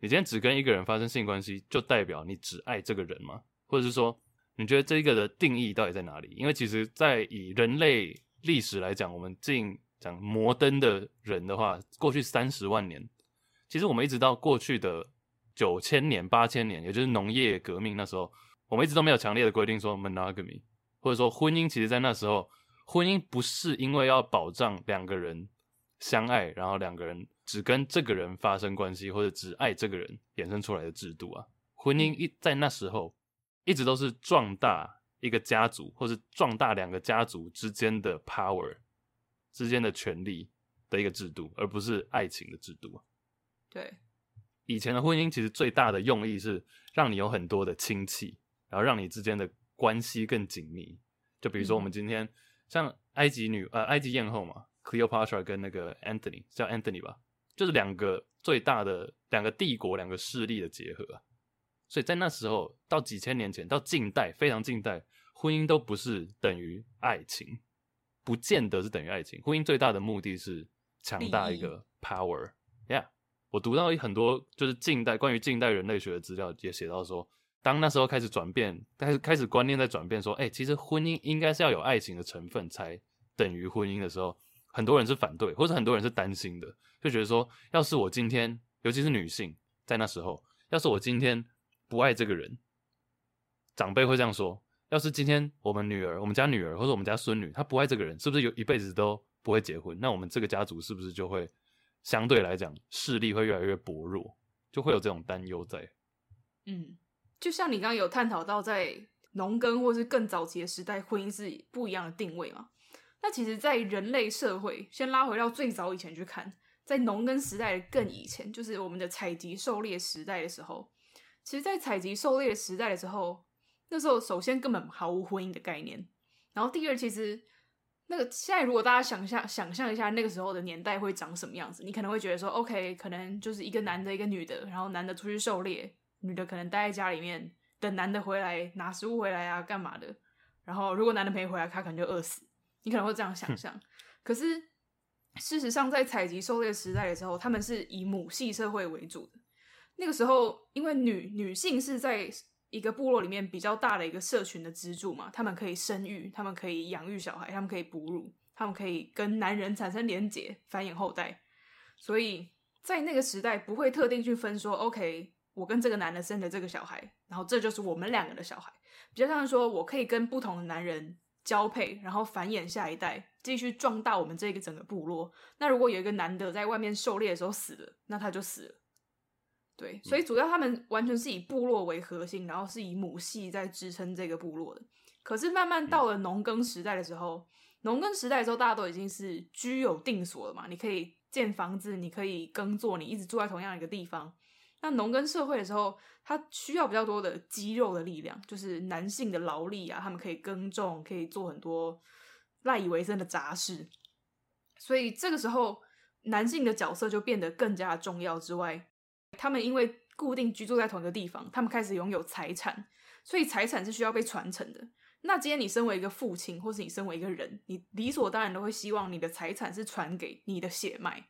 Speaker 1: 你今天只跟一個人發生性關係，就代表你只愛這個人嗎？或者是說，你覺得這個的定義到底在哪裡？因為其實在以人類歷史來講，我們進講摩登的人的話，過去三十萬年。其實我們一直到過去的九千年、八千年，也就是農業革命那時候，我們一直都沒有強烈的規定說 monogamy，或者說婚姻。其實，在那時候，婚姻不是因為要保障兩個人相愛，然後兩個人只跟這個人發生關係或者只愛這個人衍生出來的制度啊。婚姻一在那時候一直都是壯大一個家族，或是壯大兩個家族之間的 power 之間的權力的一個制度，而不是愛情的制度啊。對，以前的婚姻其實最大的用意是讓你有很多的親戚，然後讓你之間的關係更緊密。就比如說我們今天，嗯，像埃及女呃埃及艷後嘛，Cleopatra 跟那個 Anthony 叫 Anthony 吧，就是兩個最大的兩個帝國、兩個勢力的結合。所以在那時候到幾千年前到近代非常近代，婚姻都不是等於愛情，不見得是等於愛情。婚姻最大的目的是強大一個 power，Yeah。哎 yeah. 我讀到很多，就是近代關於近代人類學的資料，也寫到說，當那時候開始轉變，開始開始觀念在轉變，說，誒、欸，其實婚姻應該是要有愛情的成分才等於婚姻的時候，很多人是反對，或者很多人是擔心的，就覺得說，要是我今天，尤其是女性，在那時候，要是我今天不愛這個人，長輩會這樣說，要是今天我們女兒，我們家女兒，或者我們家孫女，她不愛這個人，是不是有一輩子都不會結婚？那我們這個家族是不是就會？相對來講，勢力會越來越薄弱，就會有這種擔憂在。
Speaker 2: 嗯，就像你剛剛有探討到，在農耕或是更早期的時代，婚姻是不一樣的定位嘛？那其實，在人類社會，先拉回到最早以前去看，在農耕時代的更以前，就是我們的採集狩獵時代的時候，其實，在採集狩獵時代的時候，那時候首先根本毫無婚姻的概念，然後第二，其實。那個現在如果大家想象想象一下那個時候的年代會長什麼樣子，你可能會覺得說，OK，可能就是一個男的，一個女的，然後男的出去狩獵，女的可能待在家裡面等男的回來拿食物回來啊，幹嘛的？然後如果男的沒回來，他可能就餓死。你可能會這樣想象。可是事實上，在採集狩獵時代的時候，他們是以母系社會為主的。那個時候，因為女女性是在一個部落裡面比較大的一個社群的支柱嘛，他們可以生育，他們可以養育小孩，他們可以哺乳，他們可以跟男人產生連結，繁衍後代。所以在那個時代不會特定去分說，OK，我跟這個男的生的這個小孩，然後這就是我們兩個的小孩。比較像是說我可以跟不同的男人交配，然後繁衍下一代，繼續壯大我們這個整個部落。那如果有一個男的在外面狩獵的時候死了，那他就死了。對，所以主要他們完全是以部落為核心，然後是以母系在支撐這個部落的。可是慢慢到了農耕時代的時候，農耕時代的時候，大家都已經是居有定所了嘛，你可以建房子，你可以耕作，你一直住在同樣一個地方。那農耕社會的時候，它需要比較多的肌肉的力量，就是男性的勞力啊，他們可以耕種，可以做很多賴以為生的雜事。所以這個時候，男性的角色就變得更加重要之外，他們因為固定居住在同一個地方，他們開始擁有財產，所以財產是需要被傳承的。那今天你身為一個父親，或是你身為一個人，你理所當然都會希望你的財產是傳給你的血脈，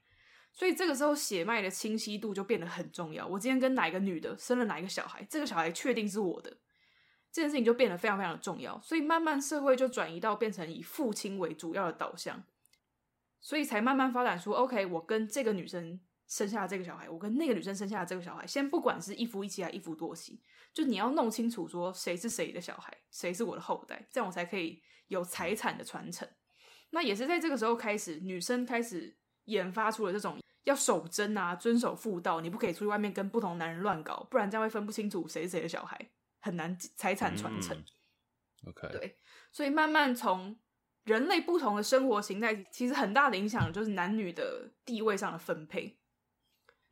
Speaker 2: 所以這個時候血脈的清晰度就變得很重要。我今天跟哪一個女的生了哪一個小孩，這個小孩確定是我的，這件事情就變得非常非常的重要。所以慢慢社會就轉移到變成以父親為主要的導向，所以才慢慢發展出 OK，我跟這個女生，生下這個小孩，我跟那個女生生下這個小孩，先不管是一夫一妻還一夫多妻，就你要弄清楚說誰是誰的小孩，誰是我的後代，這樣我才可以有財產的傳承。那也是在這個時候開始，女生開始研發出了這種要守貞啊，遵守婦道，你不可以出去外面跟不同男人亂搞，不然這樣會分不清楚誰是誰的小孩，很難財產傳承。嗯，OK，對，所以慢慢從人類不同的生活形態，其實很大的影響就是男女的地位上的分配。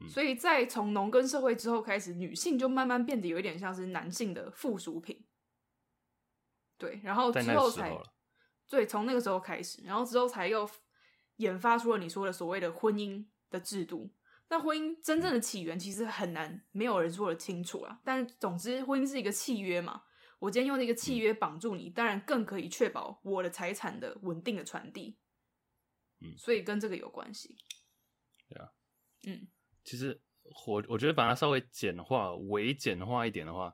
Speaker 2: 所以在從農耕社會之後開始，女性就慢慢變得有一點像是男性的附屬品，對，然後之後才，對，從那個時候開始，然後之後才又研發出了你說的所謂的婚姻的制度。那婚姻真正的起源其實很難，沒有人說得清楚啊。但總之，婚姻是一個契約嘛，我今天用那個契約綁住你，嗯，當然更可以確保我的財產的穩定的傳遞。嗯，所以跟這個有關係。
Speaker 1: 對啊，嗯。其實我，我我覺得把它稍微簡化、微簡化一點的話，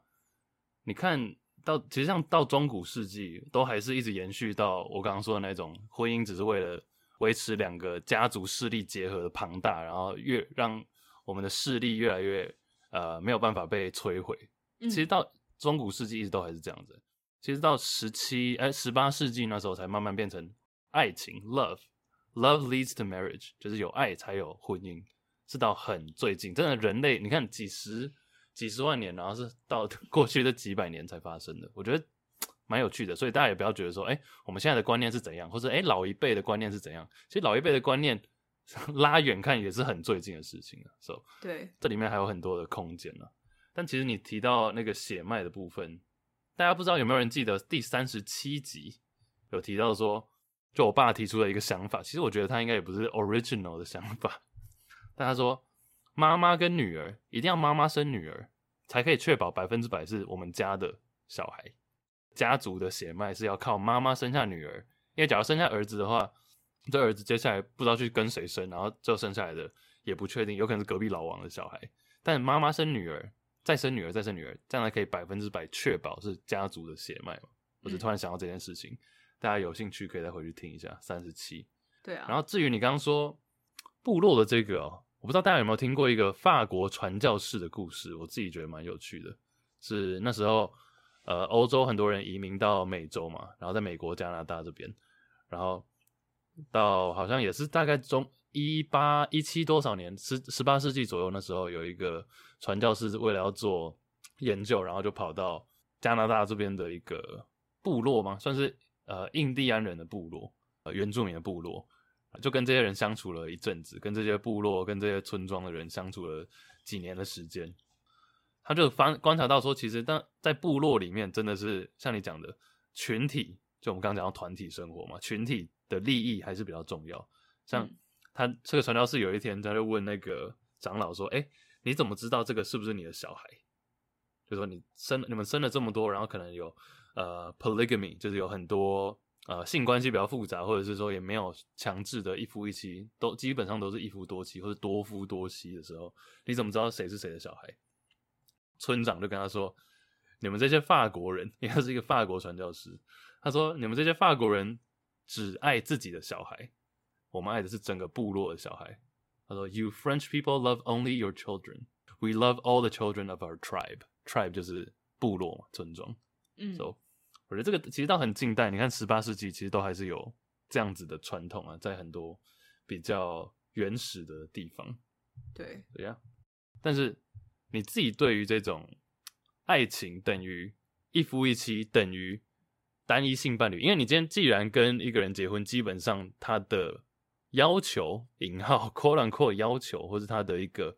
Speaker 1: 你看到其實像到中古世紀，都還是一直延續到我剛剛說的那種，婚姻只是為了維持兩個家族勢力結合的龐大，然後越讓我們的勢力越來越呃沒有辦法被摧毀。其實到中古世紀一直都還是這樣子。其實到十七、哎、哎十八世紀那時候才慢慢變成愛情 （love），love, Love leads to marriage，就是有愛才有婚姻。是到很最近，真的人類，你看幾十、幾十萬年，然後是到過去這幾百年才發生的，我覺得蠻有趣的。所以大家也不要覺得說，哎、欸，我們現在的觀念是怎樣，或者哎、欸，老一輩的觀念是怎樣。其實老一輩的觀念拉遠看也是很最近的事情了，啊，是、so, 對，這裡面還有很多的空間呢，啊。但其實你提到那個血脈的部分，大家不知道有沒有人記得第三十七集有提到說，就我爸提出了一個想法。其實我覺得他應該也不是 original 的想法。但他說，媽媽跟女兒一定要媽媽生女兒，才可以確保百分之百是我們家的小孩。家族的血脈是要靠媽媽生下女兒，因為假如生下兒子的話，這兒子接下來不知道去跟誰生，然後最後生下來的也不確定，有可能是隔壁老王的小孩。但媽媽生女兒，再生女兒，再生女兒，這樣才可以百分之百確保是家族的血脈。我只突然想到這件事情，大家有興趣可以再回去聽一下，三十七。對啊，然後至於你剛剛說，部落的這個哦，喔。我不知道大家有沒有聽過一個法國傳教士的故事，我自己覺得蠻有趣的。是那時候，呃，歐洲很多人移民到美洲嘛，然後在美國、加拿大這邊，然後到好像也是大概中18、17多少年，十、18世紀左右，那時候有一個傳教士為了要做研究，然後就跑到加拿大這邊的一個部落嘛，算是呃印第安人的部落，呃原住民的部落。就跟這些人相處了一陣子，跟這些部落、跟這些村莊的人相處了幾年的時間，他就反觀察到說，其實當在部落裡面，真的是像你講的群體，就我們剛剛講到團體生活嘛，群體的利益還是比較重要。像他這個傳教士有一天，他就問那個長老說：“哎、欸，你怎麼知道這個是不是你的小孩？”就說你生你們生了這麼多，然後可能有呃 polygamy，就是有很多。呃，性關係比較複雜，或者是說也沒有強制的一夫一妻，都基本上都是一夫多妻或者多夫多妻的時候，你怎麼知道誰是誰的小孩？村長就跟他說：“你們這些法國人，因為他是一個法國傳教士，他說你們這些法國人只愛自己的小孩，我們愛的是整個部落的小孩。”他說：“You French people love only your children. We love all the children of our tribe. Tribe 就是部落嘛，村莊。”嗯，我覺得這個其實倒很近代，你看十八世紀其實都還是有這樣子的傳統啊，在很多比較原始的地方。
Speaker 2: 對，
Speaker 1: 對呀、啊。但是你自己對於這種愛情等於一夫一妻等於單一性伴侶，因為你今天既然跟一個人結婚，基本上他的要求（引號 quote unquote 要求，或是他的一個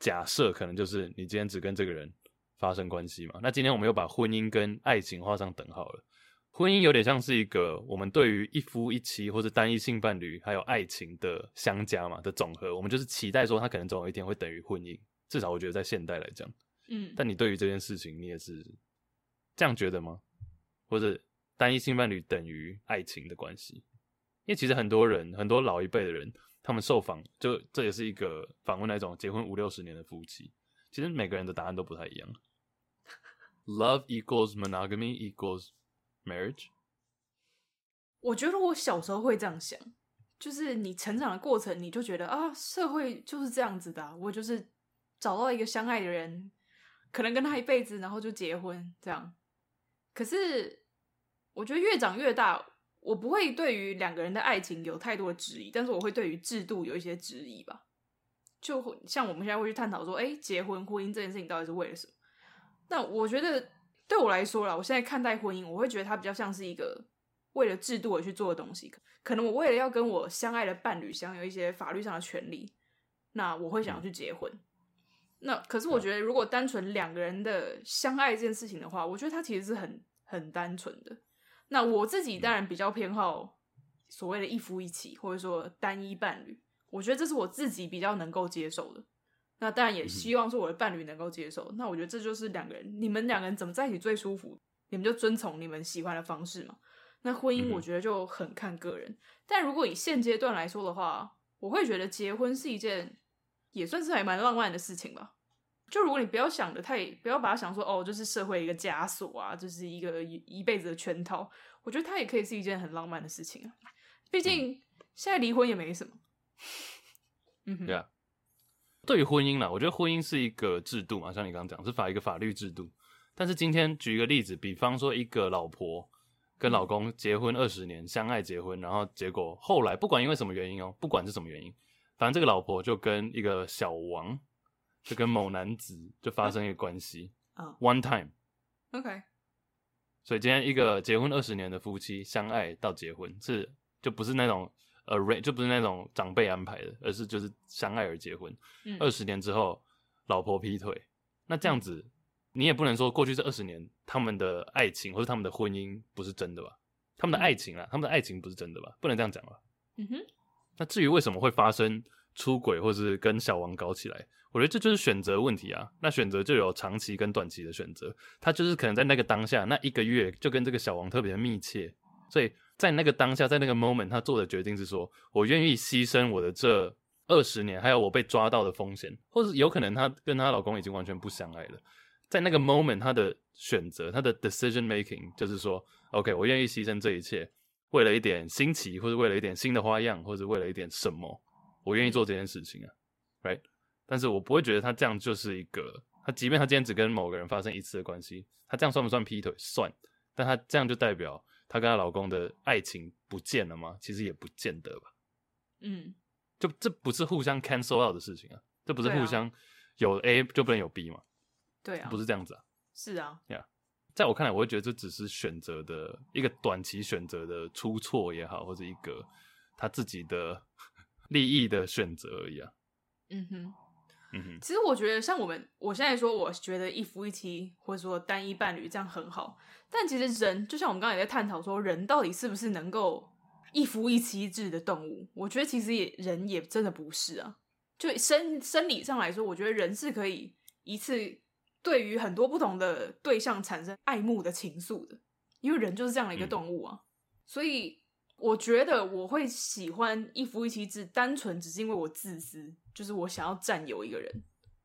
Speaker 1: 假設，可能就是你今天只跟這個人，發生關係嘛？那今天我們又把婚姻跟愛情畫上等號了。婚姻有點像是一個我們對於一夫一妻或是單一性伴侶還有愛情的相加嘛的總和。我們就是期待說，他可能總有一天會等於婚姻。至少我覺得在現代來講，嗯。但你對於這件事情，你也是這樣覺得嗎？或者單一性伴侶等於愛情的關係？因為其實很多人，很多老一輩的人，他們受訪，就這也是一個訪問，那種結婚五六十年的夫妻。其實每個人的答案都不太一樣。Love equals monogamy equals marriage？
Speaker 2: 我覺得我小時候會這樣想，就是你成長的過程，你就覺得啊，社會就是這樣子的啊。我就是找到一個相愛的人，可能跟他一輩子，然後就結婚這樣。可是我覺得越長越大，我不會對於兩個人的愛情有太多的質疑，但是我會對於制度有一些質疑吧。就像我們現在會去探討說，誒、欸，結婚婚姻這件事情到底是為了什麼？那我覺得，對我來說啦，我現在看待婚姻，我會覺得它比較像是一個為了制度而去做的東西。可能我為了要跟我相愛的伴侶享有一些法律上的權利，那我會想要去結婚。那可是我覺得，如果單純兩個人的相愛這件事情的話，我覺得它其實是很很單純的。那我自己當然比較偏好所謂的“一夫一妻”或者說單一伴侶。我覺得這是我自己比較能夠接受的，那當然也希望說我的伴侶能夠接受。那我覺得這就是兩個人，你們兩個人怎麼在一起最舒服，你們就遵從你們喜歡的方式嘛。那婚姻我覺得就很看個人，但如果以現階段來說的話，我會覺得結婚是一件也算是還蠻浪漫的事情吧。就如果你不要想得太，不要把它想說哦，就是社會一個枷鎖啊，就是一個一，一輩子的圈套。我覺得它也可以是一件很浪漫的事情啊，畢竟現在離婚也沒什麼。
Speaker 1: 對啊，對於婚姻啦，我覺得婚姻是一個制度嘛，像你剛剛講是法一個法律制度。但是今天舉一個例子，比方說一個老婆跟老公結婚二十年，相愛結婚，然後結果後來不管因為什麼原因哦，不管是什麼原因，反正這個老婆就跟一個小王，就跟某男子就發生一個關係啊、oh.，one time，OK、okay.。所以今天一個結婚二十年的夫妻相愛到結婚，是就不是那種。呃，就不是那種長輩安排的，而是就是相愛而結婚。二十年之後、嗯，老婆劈腿，
Speaker 2: 那這樣子，
Speaker 1: 你也不能說過去這二十年他們的愛情或者他們的婚姻不是真的吧？他們的愛情啊、嗯，他們的愛情不是真的吧？不能這樣講吧。嗯
Speaker 2: 哼。
Speaker 1: 那至於為什麼會發生出軌，或是跟小王搞起來，我覺得這就是選擇問題啊。那選擇就有長期跟短期的選擇，他就是可能在那個當下那一個月就跟這個小王特別的密切。所以在那個當下，在那個 moment，他做的決定是說，我願意犧牲我的這二十年，還有我被抓到的風險，或者有可能他跟他老公已經完全不相愛了。在那個 moment，他的選擇，他的 decision making，就是說，OK，我願意犧牲這一切，為了一點新奇，或者為了一點新的花樣，或者為了一點什麼，我願意做這件事情啊，right？但是我不會覺得他這樣就是一個，他即便他今天只跟某個人發生一次的關係，他這樣算不算劈腿？算。但他這樣就代表。她跟她老公的愛情不見了嗎？其實也不見得吧。嗯，就這不是互相 cancel out 的事情啊，這不是互相有 A 就不能有 B 嗎？
Speaker 2: 對啊，不是這樣子啊。是啊，對
Speaker 1: 啊。在我看來，我會覺得這只是選擇的一個短期選擇的出錯也好，或者一個他自己的利益的選擇而已啊。嗯
Speaker 2: 哼。其實我覺得，像我們我現在說，我覺得一夫一妻或者說單一伴侶這樣很好。但其實人，就像我們剛才在探討說，人到底是不是能夠一夫一妻制的動物？我覺得其實也人也真的不是啊。就生生理上來說，我覺得人是可以一次對於很多不同的對象產生愛慕的情愫的，因為人就是這樣的一個動物啊。嗯、所以我覺得我會喜歡一夫一妻制，單純只是因為我自私。就是我想要佔有一個人，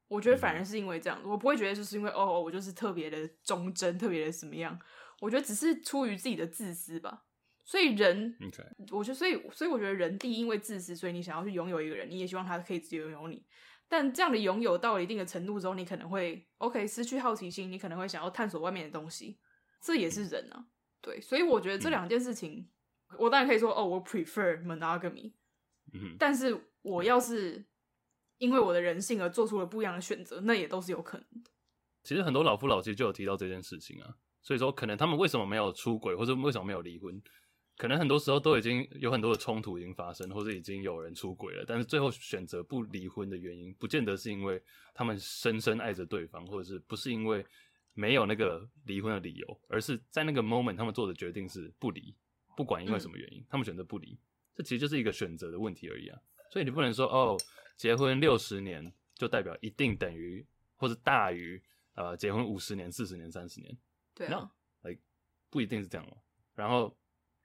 Speaker 2: 我覺得反而是因為這樣子，我不會覺得就是因為哦，我就是特別的忠貞，特別的什麼樣？我覺得只是出於自己的自私吧。所以人，okay. 我覺得，所以所以我覺得人第一因為自私，所以你想要去擁有一個人，你也希望他可以擁有你。但這樣的擁有到了一定的程度之後，你可能會 OK 失去好奇心，你可能會想要探索外面的東西。這也是人啊，對。所以我覺得這兩件事情、嗯，我當然可以說哦，我 prefer monogamy，、嗯、但是我要是。因為我的人性而做出了不一樣的選擇，那也都是有可能的。
Speaker 1: 其實很多老夫老妻就有提到這件事情啊，所以說可能他們為什麼沒有出軌，或者為什麼沒有離婚，可能很多時候都已經有很多的衝突已經發生，或者已經有人出軌了，但是最後選擇不離婚的原因，不見得是因為他們深深愛着對方，或者是不是因為沒有那個離婚的理由，而是在那個 moment 他們做的決定是不離，不管因為什麼原因，嗯、他們選擇不離，這其實就是一個選擇的問題而已啊。所以你不能說哦，結婚六十年就代表一定等於或者大於呃結婚五十年，四十年，三十年，對啊，哎，No. Like，不一定是這樣哦。然後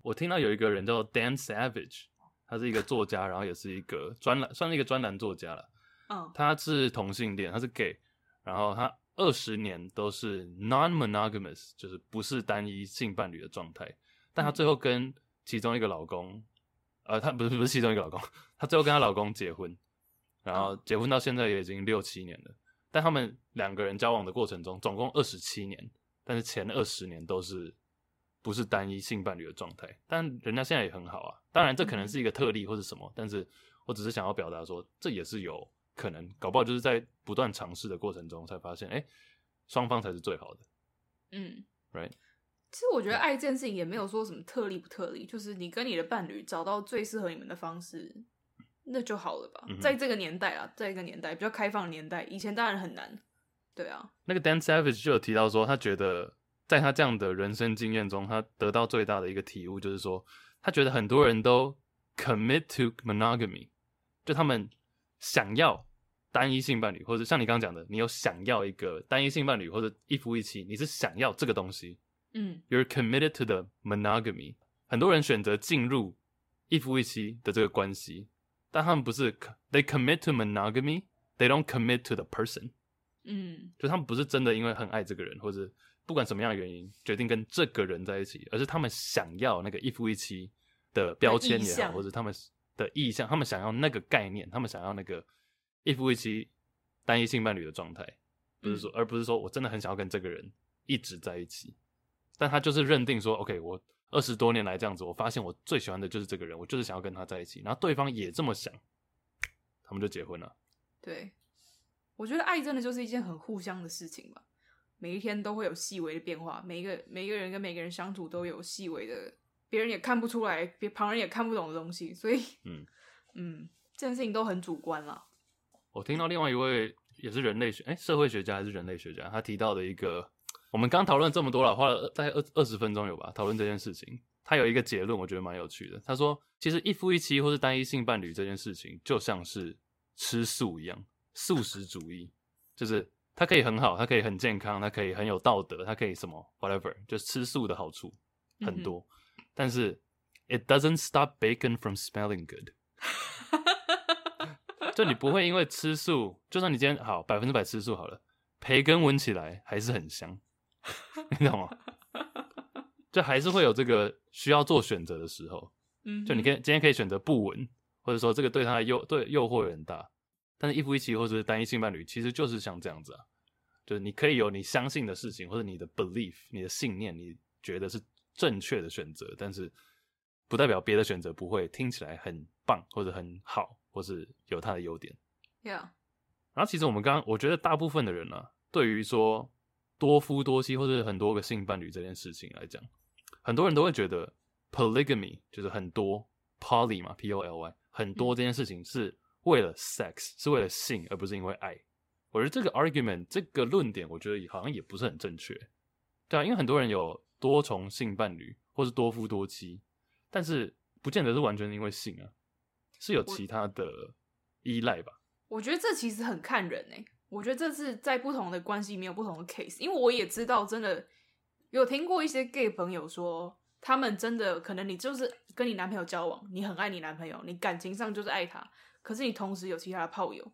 Speaker 1: 我聽到有一個人叫 Dan Savage，他是一個作家， 然後也是一個專欄，算是一個專欄作家了。Oh. 他是同性戀，他是 gay，然後他二十年都是 non-monogamous，就是不是單一性伴侶的狀態，但他最後跟其中一個老公，呃，他不是不是其中一個老公，他最後跟他老公結婚。 然後結婚到現在也已經六七年了，但他們兩個人交往的過程中，總共二十七年，但是前二十年都是不是單一性伴侶的狀態，但人家現在也很好啊。當然，這可能是一個特例或是什麼，嗯，但是我只是想要表達說，這也是有可能，搞不好就是在不斷嘗試的過程中才發現，誒，雙方才是最好的。
Speaker 2: 嗯，Right。其實我覺得愛這件事情也沒有說什麼特例不特例，就是你跟你的伴侶找到最適合你們的方式。那就好了吧，嗯、在這個年代啊，在一個年代比較開放的年代，以前當然很難。對啊，
Speaker 1: 那個 Dan Savage 就有提到說，他覺得在他這樣的人生經驗中，他得到最大的一個體悟就是說，他覺得很多人都 commit to monogamy，就他們想要單一性伴侶，或者像你剛剛講的，你有想要一個單一性伴侶或者一夫一妻，你是想要這個東西，
Speaker 2: 嗯
Speaker 1: ，you're committed to the monogamy。很多人選擇進入一夫一妻的這個關係。但他們不是，they commit to monogamy，they don't commit to the person，嗯，就他們不是真的因為很愛這個人，或是不管什麼樣的原因，決定跟這個人在一起，而是他們想要那個一夫一妻的標籤也好，或者他們的意向，他們想要那個概念，他們想要那個一夫一妻單一性伴侶的狀態，不是說、嗯，而不是說我真的很想要跟這個人一直在一起，但他就是認定說，OK，我。二十多年來這樣子，我發現我最喜歡的就是這個人，我就是想要跟他在一起。然後對方也這麼想，他們就結婚了。
Speaker 2: 對，我覺得愛真的就是一件很互相的事情吧。每一天都會有細微的變化，每一個每一個人跟每個人相處都有細微的，別人也看不出來，別旁人也看不懂的東西。所以，
Speaker 1: 嗯
Speaker 2: 嗯，這件事情都很主觀啦。
Speaker 1: 我聽到另外一位也是人類學，哎，社會學家還是人類學家，他提到的一個。我們剛剛討論這麼多了，花了大概二二十分鐘有吧？討論這件事情，他有一個結論，我覺得蠻有趣的。他說，其實一夫一妻或是單一性伴侶這件事情，就像是吃素一樣，素食主義就是它可以很好，它可以很健康，它可以很有道德，它可以什麼，whatever，就吃素的好處很多。嗯、但是，it doesn't stop bacon from smelling good。 就你不會因為吃素，就算你今天好，百分之百吃素好了，培根聞起來還是很香。 你懂嗎？就還是會有這個需要做選擇的時候。嗯、mm -hmm.，就你可以今天可以選擇不婚，或者說這個對他的誘對誘惑很大。但是一夫一妻或者是單一性伴侶，其實就是像這樣子啊，就是你可以有你相信的事情，或者你的 belief、你的信念，你覺得是正確的選擇。但是不代表別的選擇不會聽起來很棒，或者很好，或是有它的優點。
Speaker 2: Yeah。
Speaker 1: 然後其實我們剛剛，我覺得大部分的人呢、啊，對於說。多夫多妻或者很多個性伴侶這件事情來講，很多人都會覺得 polygamy 就是很多 poly 嘛，P O L Y 很多這件事情是為了 sex 是為了性，而不是因為愛。我覺得這個 argument 這個論點，我覺得好像也不是很正確，對啊，因為很多人有多重性伴侶或是多夫多妻，但是不見得是完全因為性啊，是有其他的依賴吧。
Speaker 2: 我，我覺得這其實很看人哎、欸。我覺得這是在不同的關係裡面有不同的 case，因為我也知道，真的有聽過一些 gay 朋友說，他們真的可能你就是跟你男朋友交往，你很愛你男朋友，你感情上就是愛他，可是你同時有其他的炮友，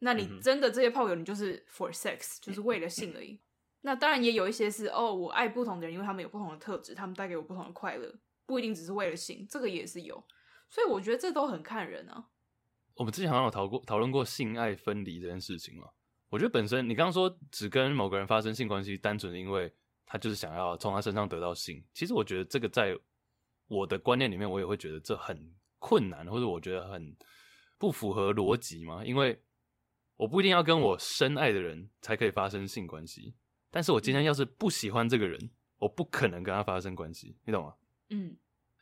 Speaker 2: 那你真的這些炮友，你就是 for sex，就是為了性而已。嗯、那當然也有一些是哦，我愛不同的人，因為他們有不同的特質，他們帶給我不同的快樂，不一定只是為了性，這個也是有。所以我覺得這都很看人啊。
Speaker 1: 我們之前好像有討過，討論過性愛分離這件事情了。我覺得本身你剛剛說只跟某個人發生性關係，單純因為他就是想要從他身上得到性。其實我覺得這個在我的觀念裡面，我也會覺得這很困難，或者我覺得很不符合邏輯嘛。因為我不一定要跟我深愛的人才可以發生性關係，但是我今天要是不喜歡這個人，我不可能跟他發生關係，你懂嗎？嗯、
Speaker 2: mm.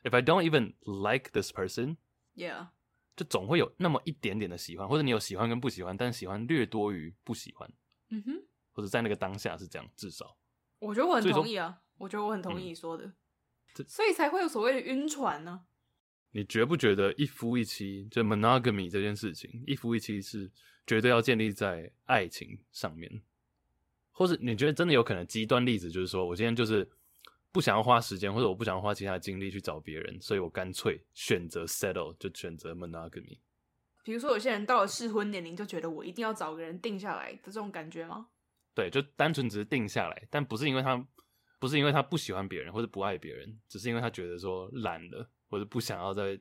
Speaker 1: If I don't even like this person, yeah. 就總會有那麼一點點的喜歡，或者你有喜歡跟不喜歡，但喜歡略多於不喜歡。嗯
Speaker 2: 哼，
Speaker 1: 或者在那個當下是這樣，至少
Speaker 2: 我覺得我很同意啊，我覺得我很同意你說的，嗯，所以才會有所謂的暈船呢，啊。
Speaker 1: 你覺不覺得一夫一妻就 monogamy 這件事情，一夫一妻是絕對要建立在愛情上面？或者你覺得真的有可能極端例子，就是說我今天就是。不想要花時間，或者我不想要花其他的精力去找別人，所以我乾脆選擇 settle，就選擇 monogamy。
Speaker 2: 比如說，有些人到了適婚年齡，就覺得我一定要找個人定下來的這種感覺嗎？
Speaker 1: 對，就單純只是定下來，但不是因為他不是因為他不喜歡別人或者不愛別人，只是因為他覺得說懶了，或者不想要再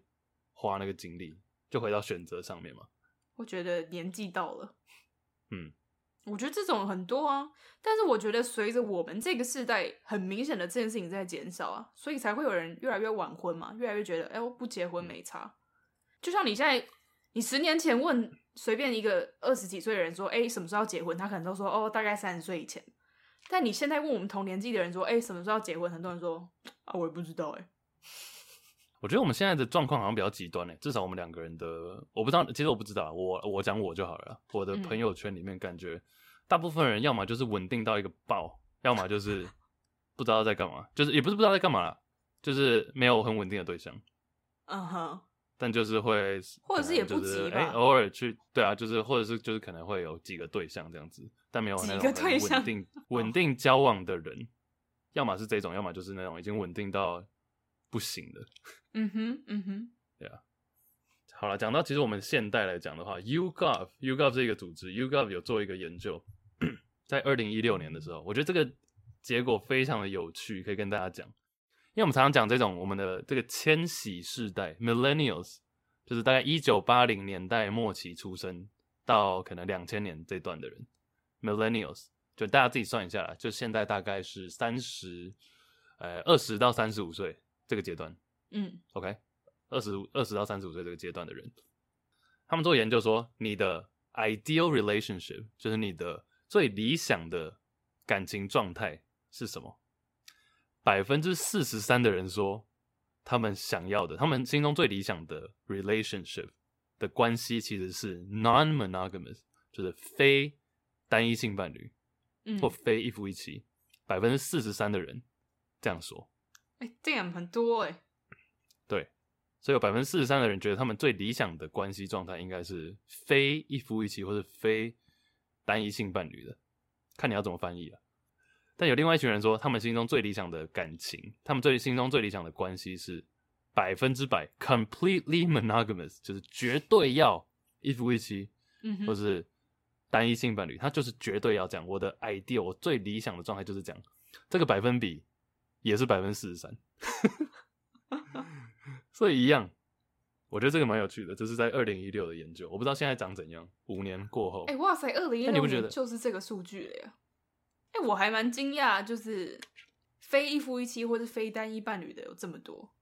Speaker 1: 花那個精力，就回到選擇上面嘛。
Speaker 2: 我覺得年紀到了。嗯。我覺得這種很多啊，但是我覺得隨着我們這個世代，很明顯的這件事情在減少啊，所以才會有人越來越晚婚嘛，越來越覺得，哎、欸，我不結婚沒差。就像你現在，你十年前問隨便一個二十幾歲的人說，哎、欸，什麼時候結婚，他可能都說，哦，大概三十歲以前。但你現在問我們同年紀的人說，哎、欸，什麼時候結婚，很多人說，啊，我也不知道，哎。
Speaker 1: 我覺得我們現在的狀況好像比較極端誒、欸，至少我們兩個人的，我不知道，其實我不知道，我我講我就好了。我的朋友圈裡面感覺，嗯、大部分人要麼就是穩定到一個爆，要麼就是不知道在幹嘛， 就是也不是不知道在幹嘛啦，就是沒有很穩定的對象。
Speaker 2: 嗯哼。
Speaker 1: 但就是會、就是，或者是也不急哎、欸，偶爾去，對啊，就是或者是就是可能會有幾個對象這樣子，但沒有那種很穩定、幾個對象穩定穩定交往的人，oh. 要麼是這種，要麼就是那種已經穩定到。不行的。嗯哼，嗯哼，對、yeah. 啊。好了，講到其實我們現代來講的話，YouGov YouGov 這一個組織，YouGov 有做一個研究，在二零一六年的時候，我覺得這個結果非常的有趣，可以跟大家講。因為我們常常講這種我們的這個千禧世代 （Millennials），就是大概一九八零年代末期出生到可能兩千年這段的人 （Millennials），就大家自己算一下啦，就現在大概是三十，呃，二十到三十五歲。這個階段，嗯，OK，二十，二十到三十五歲這個階段的人，他們做研究說，你的 ideal relationship 就是你的最理想的感情狀態是什麼？百分之四十三的人說，他們想要的、他們心中最理想的 relationship 的關係其實是 non-monogamous，就是非單一性伴侶或非一夫一妻。百分之四十三的人這樣說。
Speaker 2: 哎、欸，這樣很多哎、欸，
Speaker 1: 對，所以有百分之四十三的人覺得他們最理想的關係狀態應該是非一夫一妻或是非單一性伴侶的，看你要怎麼翻譯了、啊。但有另外一群人說，他們心中最理想的感情，他們最心中最理想的關係是百分之百 completely monogamous，就是絕對要一夫一妻，嗯，或是單一性伴侶，他就是絕對要講我的 idea，我最理想的狀態就是講這個百分比。也是百分之四十三， 所以一樣，我覺得這個蠻有趣的，這、就是在二零一六的研究，我不知道現在長怎樣，五年過後。哎、欸，哇
Speaker 2: 塞，二零一六就是這個數據了呀！哎、欸欸，我還蠻驚訝，就是非一夫一妻或是非單一伴侶的有這麼多。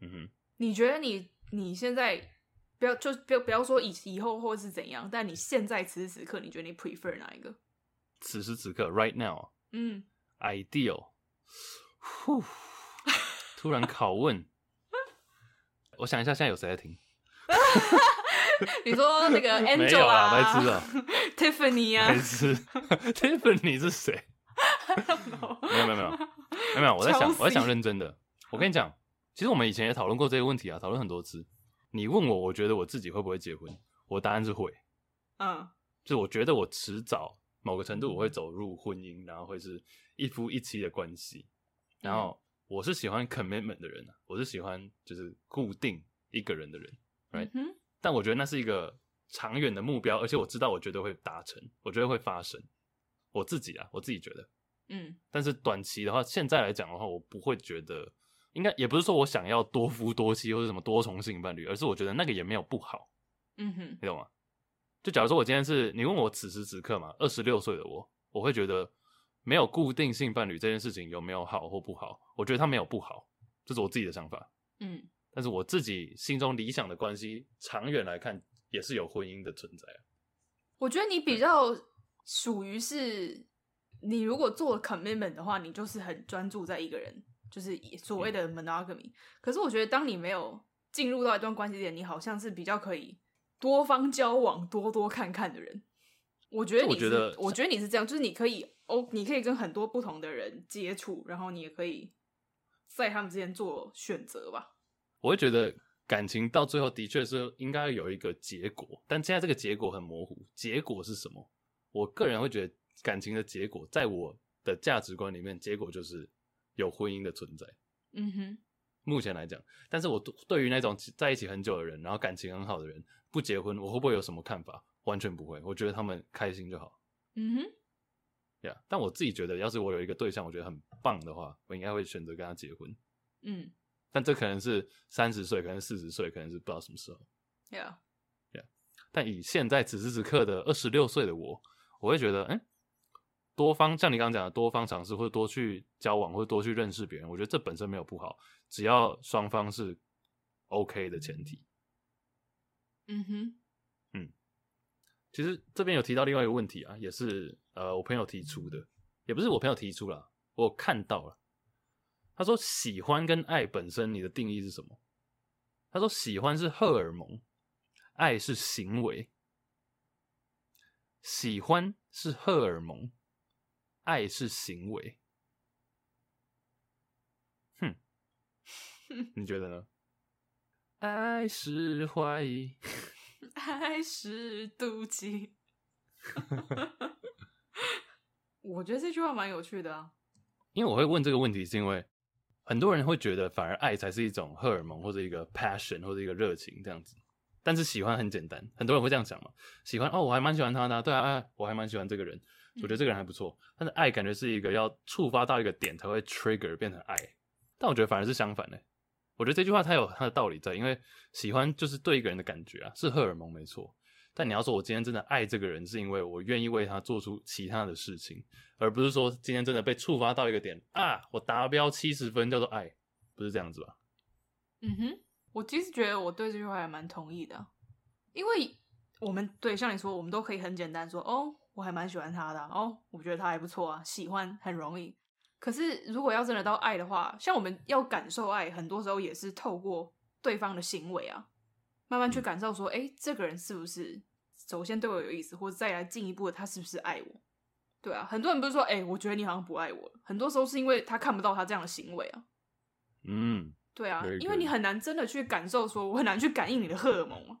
Speaker 2: 嗯哼，你覺得你你現在不要就不要不要說以以後或是怎樣，但你現在此時此刻，你覺得你 prefer 哪一個？
Speaker 1: 此時此刻，right now，嗯，ideal。呼，突然拷問， 我想一下，現在有誰在聽？
Speaker 2: 你說那個 Angel 啊，白痴啊，Tiffany 啊，白痴
Speaker 1: ，Tiffany 是誰？ 沒有沒有沒有沒有，我在想，我在想認真的。我跟你講，其實我們以前也討論過這個問題啊，討論很多次。你問我，我覺得我自己會不會結婚？我答案是會。嗯，就是我覺得我遲早某個程度我會走入婚姻，然後會是一夫一妻的關係。然後我是喜歡 commitment 的人啊，我是喜歡就是固定一個人的人，right？嗯，但我覺得那是一個長遠的目標，而且我知道我絕對會達成，我絕對會發生。我自己啊，我自己覺得，嗯。但是短期的話，現在來講的話，我不會覺得應該也不是說我想要多夫多妻，或者什麼多重性伴侶，而是我覺得那個也沒有不好。嗯哼，你懂嗎？就假如說我今天是，你問我此時此刻嘛，二十六歲的我，我會覺得。沒有固定性伴侶這件事情有沒有好或不好？我覺得他沒有不好，這，就是我自己的想法。嗯，但是我自己心中理想的關係，長遠來看也是有婚姻的存在。
Speaker 2: 我覺得你比較屬於是，你如果做了 commitment 的話，你就是很專注在一個人，就是所謂的 monogamy。嗯、可是我覺得，當你沒有進入到一段關係點，你好像是比較可以多方交往、多多看看的人。我覺得你是，我覺得，我覺得你是這樣，就是你可以。哦，你可以跟很多不同的人接觸，然後你也可以在他們之間做選擇吧。
Speaker 1: 我會覺得感情到最後的確是應該有一個結果，但現在這個結果很模糊，結果是什麼？我個人會覺得感情的結果，在我的價值觀裡面，結果就是有婚姻的存在。
Speaker 2: 嗯哼，
Speaker 1: 目前來講，但是我對於那種在一起很久的人，然後感情很好的人不結婚，我會不會有什麼看法？完全不會，我覺得他們開心就好。
Speaker 2: 嗯哼。
Speaker 1: Yeah. 但我自己覺得，要是我有一個對象，我覺得很棒的話，我應該會選擇跟他結婚。嗯，但這可能是三十歲，可能四十歲，可能是不知道什麼時候。Yeah，Yeah。但以現在此時此刻的二十六歲的我，我會覺得，哎、嗯，多方像你剛剛講的，多方嘗試或者多去交往或者多去認識別人，我覺得這本身沒有不好，只要雙方是 OK 的前提。
Speaker 2: 嗯
Speaker 1: 哼，嗯。其實這邊有提到另外一個問題啊，也是。呃，我朋友提出的，也不是我朋友提出了，我看到了。他說：“喜歡跟愛本身，你的定義是什麼？”他說：“喜歡是荷爾蒙，愛是行為。喜歡是荷爾蒙，愛是行為。”
Speaker 2: 哼，
Speaker 1: 你覺得呢？愛是懷疑，
Speaker 2: 愛是妒忌。 我覺得這句話蠻有趣的啊，
Speaker 1: 因為我會問這個問題，是因為很多人會覺得，反而愛才是一種荷爾蒙或者一個 passion 或者一個熱情這樣子。但是喜歡很簡單，很多人會這樣講嘛，喜歡哦，我還蠻喜歡他的啊，對啊，我還蠻喜歡這個人，我覺得這個人還不錯。但是愛感覺是一個要觸發到一個點才會 trigger 變成愛，但我覺得反而是相反的欸。我覺得這句話它有它的道理在，因為喜歡就是對一個人的感覺啊，是荷爾蒙沒錯。但你要說，我今天真的愛這個人，是因為我願意為他做出其他的事情，而不是說今天真的被觸發到一個點啊，我達標七十分叫做愛，不是這樣子吧？
Speaker 2: 嗯哼，我其實覺得我對這句話還蠻同意的，因為我們對像你說，我們都可以很簡單說哦，我還蠻喜歡他的哦，我覺得他還不錯啊，喜歡很容易。可是如果要真的到愛的話，像我們要感受愛，很多時候也是透過對方的行為啊。慢慢去感受，說，誒，這個人是不是首先對我有意思，或者再來進一步的，他是不是愛我？對啊，很多人不是說，誒，我覺得你好像不愛我。很多時候是因為他看不到他這樣的行為啊。嗯，對啊，可以可以，因為你很難真的去感受說，我很難去感應你的荷爾蒙。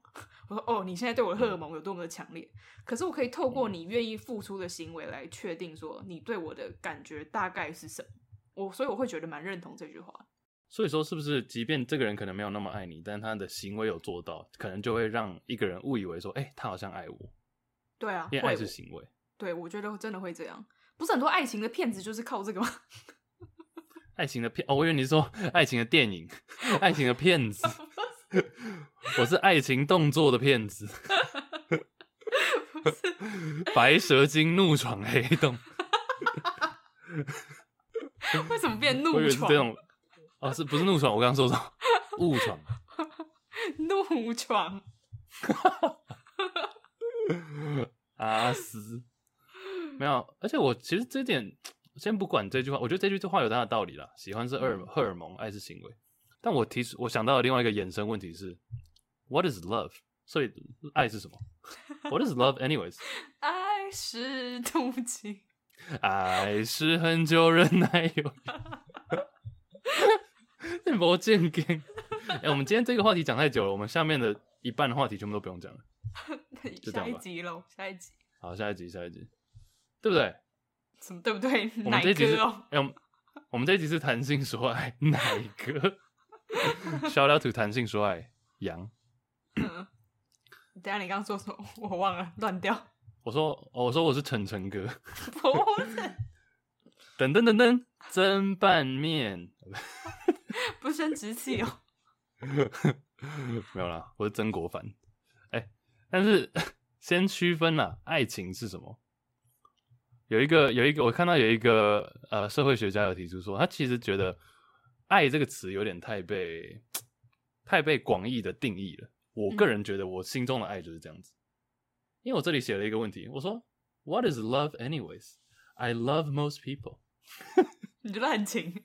Speaker 2: 我說，哦，你現在對我的荷爾蒙有多麼的強烈？可是我可以透過你願意付出的行為來確定，說你對我的感覺大概是什麼。我所以我會覺得蠻認同這句話。
Speaker 1: 所以說，是不是即便這個人可能沒有那麼愛你，但他的行為有做到，可能就會讓一個人誤以為說，哎、欸，他好像愛我。
Speaker 2: 對啊，因為愛是行為。對，我覺得真的會這樣。不是很多愛情的騙子就是靠這個嗎？
Speaker 1: 愛情的騙，哦，我以為你是說愛情的電影， 愛情的騙子。 我是愛情動作的騙子。不是，白蛇精怒闖黑洞。
Speaker 2: 為什麼變怒闖？
Speaker 1: 哦、是不是怒闖？我剛剛說什麼？誤闖，
Speaker 2: 怒闖，
Speaker 1: 阿 斯、啊，沒有。而且我其實這點，先不管這句話。我覺得這句這話有它的道理啦。喜歡是荷爾荷爾蒙，愛是行為。但我提出，我想到了另外一個衍生問題是：What is love？所以，愛是什麼？What is love？Anyways，
Speaker 2: 愛是嫉妒，
Speaker 1: 愛是恆久忍耐有 那不健康。哎，我們今天這個話題講太久了，我們下面的一半的話題全部都不用講
Speaker 2: 了，下一集嘍，下一集。
Speaker 1: 好，下一集，下一集，對不對？
Speaker 2: 什麼對不對？乃哥。哎、哦欸，
Speaker 1: 我們這一集是談性說愛，乃哥。Shout out to 談性說愛。楊、嗯，等
Speaker 2: 下，你剛剛說說，我忘了，亂掉。
Speaker 1: 我說、哦，我說我是晨晨哥。等等等等，蒸拌麵。
Speaker 2: 不生直氣哦，
Speaker 1: 沒有啦，我是曾國藩。哎、欸，但是先區分啦，愛情是什麼。有一個，有一個，我看到有一個呃社會學家有提出說，他其實覺得“愛”這個詞有點太被太被廣義的定義了。我個人覺得，我心中的愛就是這樣子。嗯、因為我這裡寫了一個問題，我說 “What is love anyways? I love most people 。”
Speaker 2: 你覺得很輕？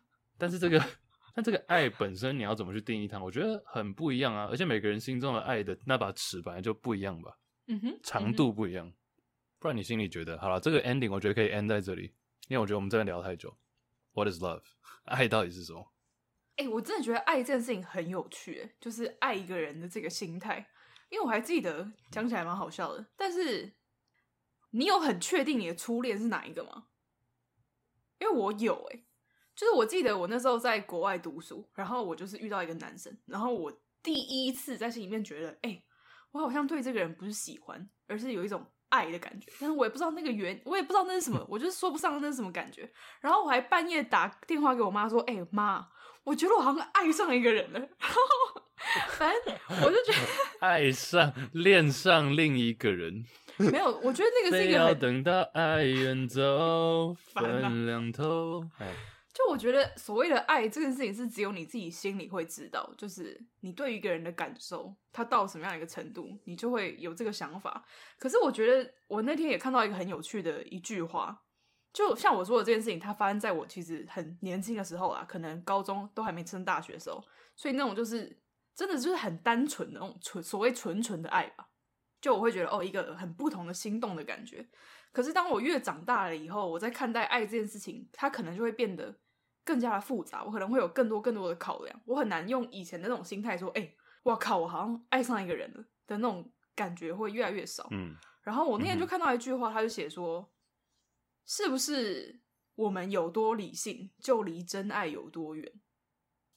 Speaker 1: 但是這個，但這個愛本身，你要怎麼去定義它？我覺得很不一樣啊！而且每個人心中的愛的那把尺，本來就不一樣吧？嗯
Speaker 2: 哼，長度
Speaker 1: 不一樣，嗯、不然你心裡覺得好了，這個 ending，我覺得可以 end 在這裡，因為我覺得我們真的聊太久。What is love？愛到底是什麼？
Speaker 2: 哎、欸，我真的覺得愛這件事情很有趣，就是愛一個人的這個心態。因為我還記得，講起來蠻好笑的。但是你有很確定你的初戀是哪一個嗎？因為我有，哎。就是我記得我那時候在國外讀書，然後我就是遇到一個男生，然後我第一次在心裡面覺得，哎、欸，我好像對這個人不是喜歡，而是有一種愛的感覺。但是我也不知道那個原，我也不知道那是什麼，我就是說不上那是什麼感覺。然後我還半夜打電話給我媽說，哎、欸、媽，我覺得我好像愛上一個人了。 反正我就覺得
Speaker 1: 愛上、戀上另一個人，
Speaker 2: 沒有，我覺得這個是一個。非要
Speaker 1: 等到愛遠走分兩、啊、頭。唉。
Speaker 2: 就我覺得所謂的愛這件事情是只有你自己心裡會知道，就是你對一個人的感受，他到什麼樣一個程度，你就會有這個想法。可是我覺得我那天也看到一個很有趣的一句話，就像我說的這件事情，它發生在我其實很年輕的時候啊，可能高中都還沒升大學的時候，所以那種就是真的就是很單純的那種純所謂純純的愛吧。就我會覺得哦，一個很不同的心動的感覺。可是，當我越長大了以後，我在看待愛這件事情，它可能就會變得更加的複雜。我可能會有更多更多的考量，我很難用以前的那種心態說：“哎、欸，我靠，我好像愛上一個人了”的那種感覺會越來越少。嗯。然後我那天就看到一句話，他、嗯、就寫說：“是不是我們有多理性，就離真愛有多遠？”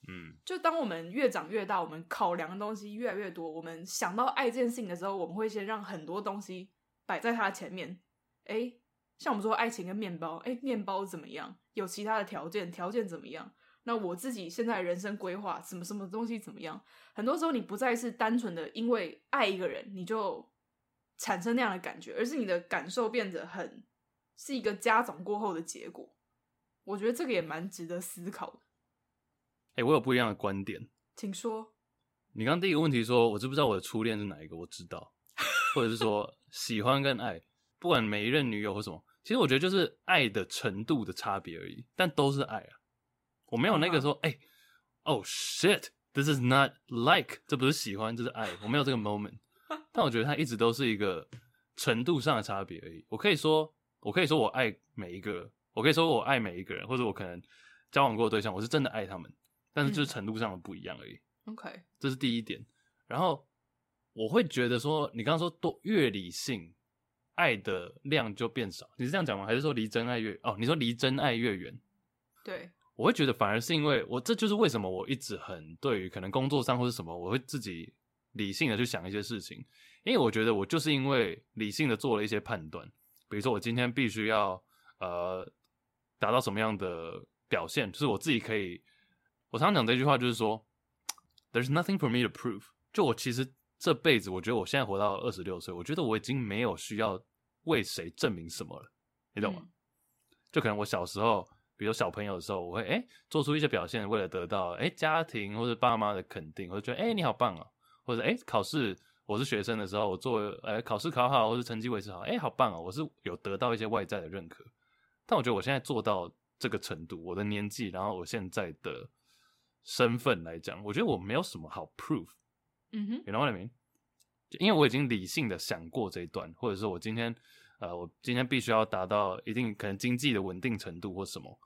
Speaker 2: 嗯。就當我們越長越大，我們考量的東西越來越多，我們想到愛這件事情的時候，我們會先讓很多東西擺在它的前面。哎，像我們說愛情跟麵包，哎，麵包怎麼樣？有其他的條件，條件怎麼樣？那我自己現在的人生規劃，什麼什麼東西怎麼樣？很多時候你不再是單純的因為愛一個人你就產生那樣的感覺，而是你的感受變得很是一個加總過後的結果。我覺得這個也蠻值得思考的。
Speaker 1: 哎，我有不一樣的觀點，
Speaker 2: 請說。你
Speaker 1: 剛剛第一個問題說，我知不知道我的初戀是哪一個？我知道，或者是說 喜歡跟愛。不管每一任女友或什麼，其實我覺得就是愛的程度的差別而已，但都是愛啊。我沒有那個說，哎、欸 okay.，Oh shit，this is not like， 這不是喜歡，這是愛，我沒有這個 moment。 但我覺得它一直都是一個程度上的差別而已。我可以說，我可以說我愛每一個，我可以說我愛每一個人，或者我可能交往過的對象，我是真的愛他們，但是就是程度上的不一樣而已。嗯、OK，這是第一點。然後我會覺得說，你剛剛說多越理性。愛的量就變少，你是這樣講嗎？還是說離真愛越……哦，你說離真愛越遠？對，我會覺得反而是因為我，這就是為什麼我一直很對於可能工作上或是什麼，我會自己理性的去想一些事情，因為我覺得我就是因為理性的做了一些判斷，比如說我今天必須要呃達到什麼樣的表現，就是我自己可以，我常常講這句話就是說，There's nothing for me to prove，就我其實。這輩子，我覺得我現在活到二十六歲，我覺得我已經沒有需要為誰證明什麼了。你懂嗎？嗯、就可能我小時候，比如小朋友的時候，我會誒做出一些表現，為了得到誒家庭或者爸媽的肯定，或者覺得誒你好棒啊，哦，或者誒考試我是學生的時候，我做誒考試考好，或是成績維持好，誒好棒啊，哦，我是有得到一些外在的認可。但我覺得我現在做到這個程度，我的年紀，然後我現在的身份來講，我覺得我沒有什麼好 prove。嗯哼，因為我已經理性的想過這一段，或者是我今天，呃，我今天必須要達到一定可能經濟的穩定程度，或什麼，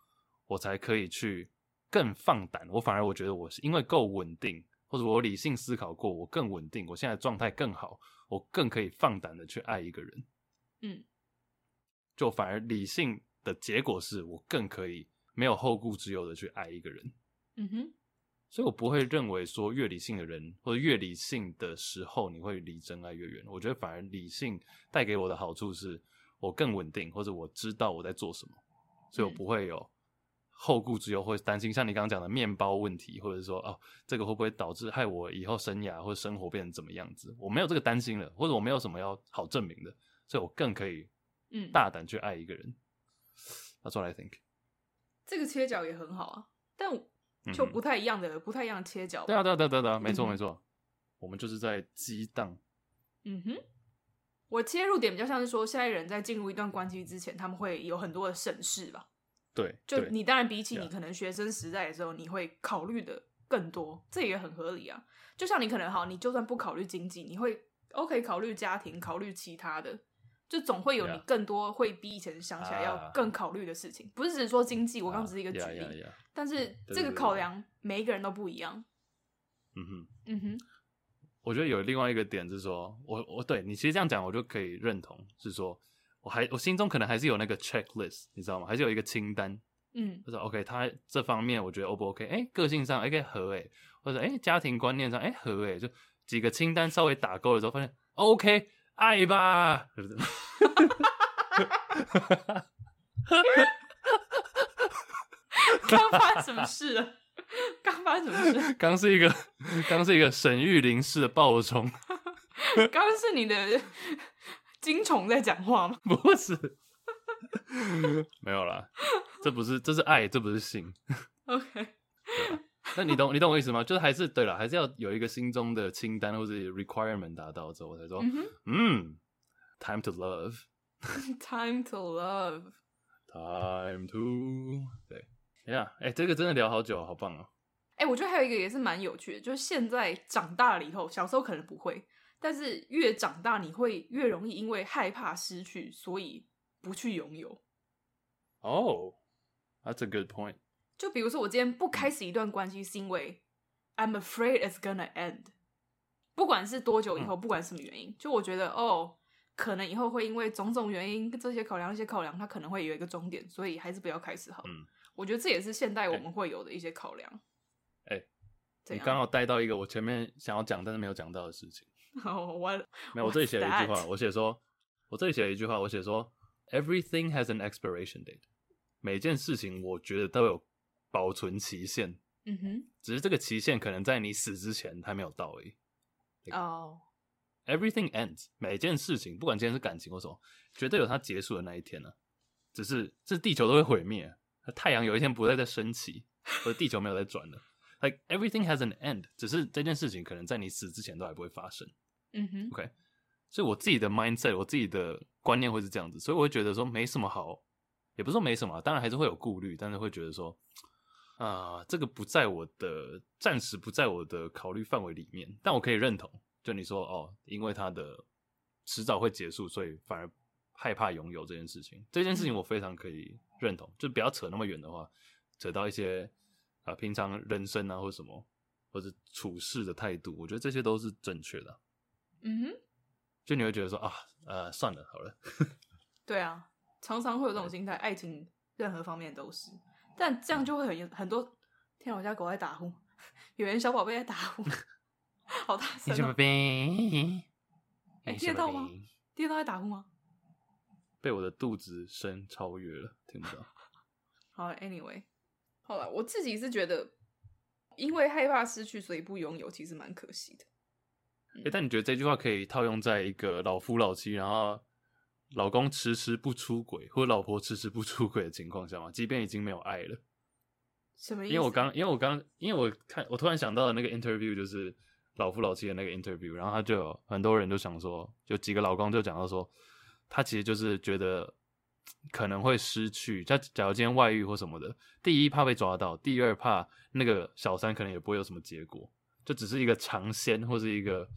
Speaker 1: 我才可以去更放膽。我反而我覺得我是因為夠穩定，或者我理性思考過，我更穩定，我現在狀態更好，我更可以放膽的去愛一個人。嗯，就反而理性的結果是我更可以沒有後顧之憂的去愛一個人。嗯哼。所以我不會認為說越理性的人或者越理性的時候，你會離真愛越遠。我覺得反而理性帶給我的好處是，我更穩定，或者我知道我在做什麼、嗯，所以我不會有後顧之憂，會擔心像你剛剛講的麵包問題，或者是說哦，這個會不會導致害我以後生涯或者生活變成怎麼樣子？我沒有這個擔心了，或者我沒有什麼要好證明的，所以我更可以嗯大膽去愛一個人、嗯。That's what I think。
Speaker 2: 這個切角也很好啊，但。就不太一樣的，嗯、不太一樣的切角。對啊，啊、
Speaker 1: 對啊，對對對，沒錯沒錯、嗯，我們就是在激盪。
Speaker 2: 嗯哼，我切入點比較像是說，現在人在進入一段關係之前，他們會有很多的審視吧。
Speaker 1: 對，就你
Speaker 2: 當然比起你可能學生時代的時候，你會考慮的更，更多，這也很合理啊。就像你可能好，你就算不考慮經濟，你會 OK 考慮家庭，考慮其他的，就總會有你更多會比以前想起來要更考慮的事情，不是只說經濟、啊，我剛只是一個舉例。Yeah, yeah, yeah, yeah. 但是這個考量，每一個人都不一樣。對對對對。嗯哼，嗯
Speaker 1: 哼，我覺得有另外一個點就是說，我我對你其實這樣講，我就可以認同，是說我還我心中可能還是有那個 checklist，你知道嗎？還是有一個清單，嗯，或者 OK，他這方面我覺得 O 不 OK，哎、欸，個性上哎和哎，或者哎、欸、家庭觀念上哎和哎，就幾個清單稍微打勾的時候，發現 OK，愛吧。
Speaker 2: 剛 發生什麼事了？剛發生什麼事了？
Speaker 1: 剛 是一個，剛是一個沈玉琳式的暴衝。
Speaker 2: 剛是你的精蟲在講話嗎？不是，
Speaker 1: 沒有啦。這不是，這是愛，這不是性。 OK，那你懂你懂我意思嗎？就是還是對了，還是要有一個心中的清單或者 requirement 達到之後，我才說、mm -hmm. 嗯，time to
Speaker 2: love，time to
Speaker 1: love，time to 對。哎呀，哎，這個真的聊好久，好棒哦、喔！
Speaker 2: 哎、欸，我覺得還有一個也是蠻有趣的，就是現在長大了以後，小時候可能不會，但是越長大，你會越容易因為害怕失去，所以不去擁有。
Speaker 1: 哦、oh, that's a good point.
Speaker 2: 就比如說，我今天不開始一段關係，是因為 I'm afraid it's gonna end。不管是多久以後、嗯，不管什麼原因，就我覺得哦，可能以後會因為種種原因、這些考量、那些考量，它可能會有一個終點，所以還是不要開始好。嗯我覺得這也是現代我們會有的一些考量。哎、欸，你剛好
Speaker 1: 帶到一個我前面想要講但是沒有講到的事情。
Speaker 2: 我、oh，沒有，我這裡寫了了一句話，我
Speaker 1: 寫說，我這裡寫了一句話，我寫說，Everything has an expiration date，每件事情我覺得都有保存期限。嗯
Speaker 2: 哼，
Speaker 1: 只是這個期限可能在你死之前還沒有到而已。哦、like, oh，Everything ends，每件事情不管今天是感情或什麼，絕對有它結束的那一天呢、啊。只是這地球都會毀滅。太陽有一天不會再升起，或者地球沒有在轉了。Like everything has an end，只是這件事情可能在你死之前都還不會發生。
Speaker 2: 嗯哼，OK，
Speaker 1: 所以我自己的 mindset，我自己的觀念會是這樣子，所以我會覺得說，沒什麼好，也不是說沒什麼，當然還是會有顧慮，但是會覺得說啊、呃，這個不在我的暫時不在我的考慮範圍裡面，但我可以認同。就你說哦，因為它的遲早會結束，所以反而害怕擁有這件事情。這件事情我非常可以。認同，就不要扯那麼遠的話，扯到一些啊平常人生啊或者什麼，或者處事的態度，我覺得這些都是正確的。
Speaker 2: 嗯
Speaker 1: 哼，就你會覺得說啊呃算了好了。
Speaker 2: 對啊，常常會有這種心態、嗯，愛情任何方面都是。但這樣就會很、嗯、很多天、啊，我家狗在打呼， 有人小寶貝在打呼， 好大聲、喔！小寶貝。哎，聽得到嗎？聽得到在打呼嗎？
Speaker 1: 被我的肚子聲超越了，聽不到。
Speaker 2: 好，Anyway，好了，我自己是覺得，因為害怕失去，所以不擁有，其實蠻可惜的，
Speaker 1: 嗯。欸，但你覺得這句話可以套用在一個老夫老妻，然後老公遲遲不出軌，或者老婆遲遲不出軌的情況下嗎？即便已經沒有愛了，什麼意思？因為我剛，因為我剛，因為我看，我突然想到的那個 interview 就是老夫老妻的那個 interview，然後他就很多人都想說，就幾個老公就講到說。他其實就是覺得可能會失去，他假如今天外遇或什麼的，第一怕被抓到，第二怕那個小三可能也不會有什麼結果，就只是一個嘗鮮或是一個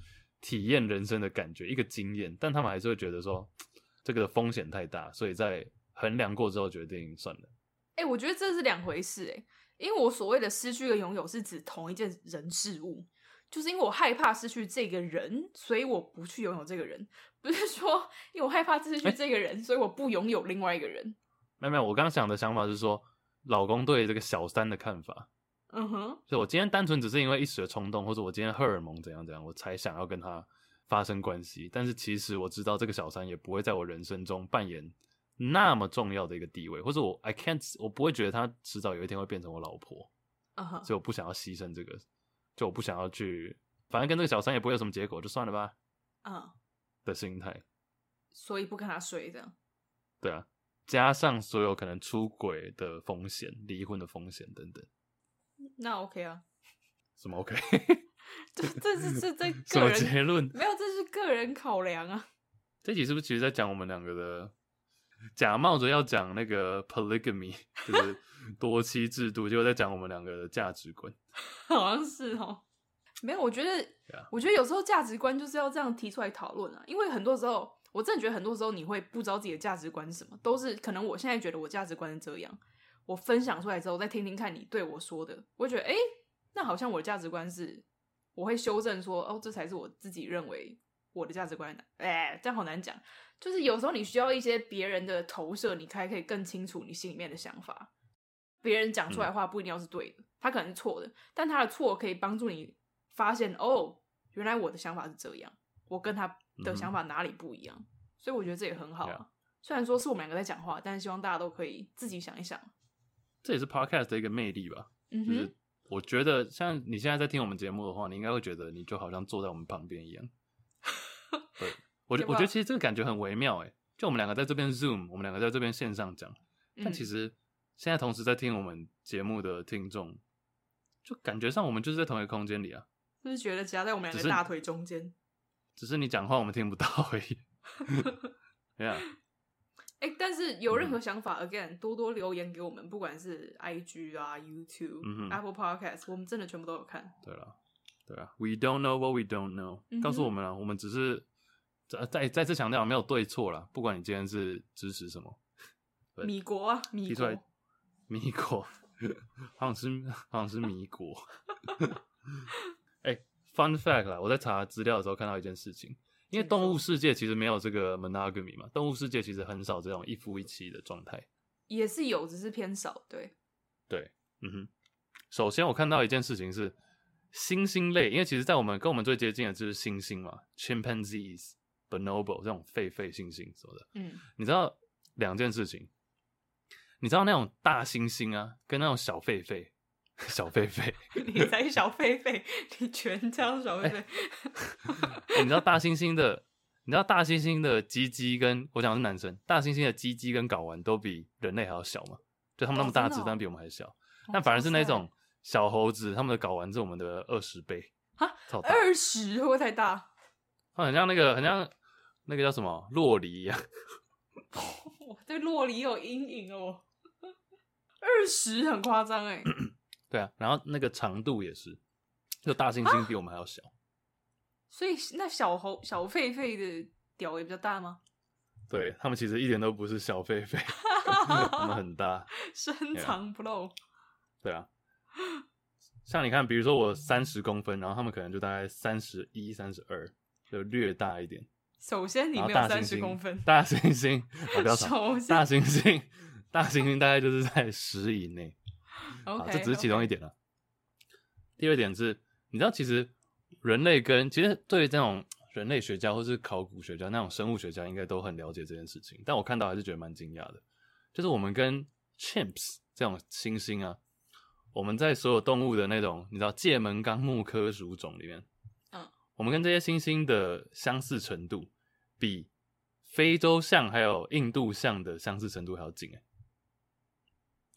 Speaker 1: 體驗人生的感覺，一個經驗。但他們還是會覺得說這個的風險太大，所以在衡量過之後決定算了。
Speaker 2: 欸，我覺得這是兩回事欸，因為我所謂的失去和擁有是指同一件人事物。就是因為我害怕失去這個人，所以我不去擁有這個人。不是說因為我害怕失去這個人，欸、所以我不擁有另外一個人。
Speaker 1: 沒有，沒有，我剛剛想的想法是說，老公對這個小三的看法。嗯哼，就我今天單純只是因為一時的衝動，或者我今天荷爾蒙怎樣怎樣，我才想要跟他發生關係。但是其實我知道這個小三也不會在我人生中扮演那麼重要的一個地位，或者我 I can't 我不會覺得他遲早有一天會變成我老婆。啊哈，所以我不想要犧牲這個。就我不想要去，反正跟這個小三也不會有什麼結果，就算了吧。啊、uh,，的心態。
Speaker 2: 所以不跟他睡的。
Speaker 1: 對啊，加上所有可能出軌的風險、離婚的風險等等。
Speaker 2: 那 OK 啊？
Speaker 1: 什麼 OK？
Speaker 2: 這、 這是、這是個人、這 什麼結論？沒有，這是個人考量啊。
Speaker 1: 這集是不是其實在講我們兩個的？假冒著要講那個 polygamy，就是多妻制度， 就在講我們兩個的價值觀，
Speaker 2: 好像是哦、喔。沒有，我覺得，Yeah. 我覺得有時候價值觀就是要這樣提出來討論啊，因為很多時候，我真的覺得很多時候你會不知道自己的價值觀是什麼，都是可能我現在覺得我價值觀是這樣，我分享出來之後再聽聽看你對我說的，我覺得哎、欸，那好像我的價值觀是，我會修正說，哦，這才是我自己認為。我的價值觀，哎、欸，這樣好難講。就是有時候你需要一些別人的投射，你才可以更清楚你心裡面的想法。別人講出來的話不一定要是對的，嗯、他可能是錯的，但他的錯可以幫助你發現哦，原來我的想法是這樣，我跟他的想法哪裡不一樣。嗯、所以我覺得這也很好啊。Yeah. 雖然說是我們兩個在講話，但是希望大家都可以自己想一想。
Speaker 1: 這也是 Podcast 的一個魅力吧。嗯、就是我覺得，像你現在在聽我們節目的話，你應該會覺得你就好像坐在我們旁邊一樣。我覺我覺得其實這個感覺很微妙哎、欸，就我們兩個在這邊 Zoom，我們兩個在這邊線上講、嗯，但其實現在同時在聽我們節目的聽眾，就感覺上我們就是在同一個空間裡啊，就
Speaker 2: 是覺得夾在我們兩個大腿中間，
Speaker 1: 只是你講話我們聽不到而、欸、已、 Yeah.
Speaker 2: 欸。但是有任何想法、嗯、again，多多留言給我們，不管是 IG 啊、YouTube、嗯、Apple Podcast，我們真的全部都有看。
Speaker 1: 對了。對啊 We don't know what we don't know、嗯。告訴我們啊，我們只是再再次強調，強調沒有對錯啦。不管你今天是支持什麼，But, 米國啊，米國來，米國， 好像是好像是米國。哎、 欸、，Fun fact 啦，我在查資料的時候看到一件事情，因為動物世界其實沒有這個 monogamy 嘛，動物世界其實很少這種一夫一妻的狀態，
Speaker 2: 也是有，只是偏少。對，
Speaker 1: 對，嗯哼。首先，我看到一件事情是。猩猩類，因為其實，在我們跟我們最接近的就是猩猩嘛，chimpanzees、bonobo 這種狒狒、猩猩什麼的。嗯，你知道兩件事情，你知道那種大猩猩啊，跟那種小狒狒，小狒狒，
Speaker 2: 你才小狒狒， 你全家小狒狒、欸
Speaker 1: 欸。你知道大猩猩的，你知道大猩猩的雞雞，跟我講是男生，大猩猩的雞雞跟睾丸都比人類還要小嘛，就他們那麼大，隻，哦，但比我們還小，但反而是那種。小猴子他們的睾丸是我們的二十倍。
Speaker 2: 二十會不會太大？
Speaker 1: 啊，很像那個，很像那個叫什麼洛梨啊。一
Speaker 2: 對洛梨有陰影哦。二十很誇張哎。
Speaker 1: 對啊，然後那個長度也是，就大猩猩比我們還要小。
Speaker 2: 所以那小猴小狒狒的屌也比較大嗎？
Speaker 1: 對，他們其實一點都不是小狒狒，
Speaker 2: 他們很
Speaker 1: 大，深藏不露。對啊。對啊。像你看，比如說我三十公分，然後他們可能就大概三十一、三十二，就略大一點。首先，你沒有三十公分大猩猩，大，猩猩大猩猩，大猩猩，大猩猩大猩猩大概就是在十以內、 okay，這只是其中一點了、啊。Okay. 第二點是，你知道，其實人類跟其實對於這種人類學家或是考古學家那種生物學家，應該都很了解這件事情，但我看到還是覺得蠻驚訝的，就是我們跟 chimps 這種猩猩啊。我們在所有動物的那種，你知道，界門綱目、科屬種裡面，嗯，我們跟這些猩猩的相似程度，比非洲象還有印度象的相似程度還要近哎、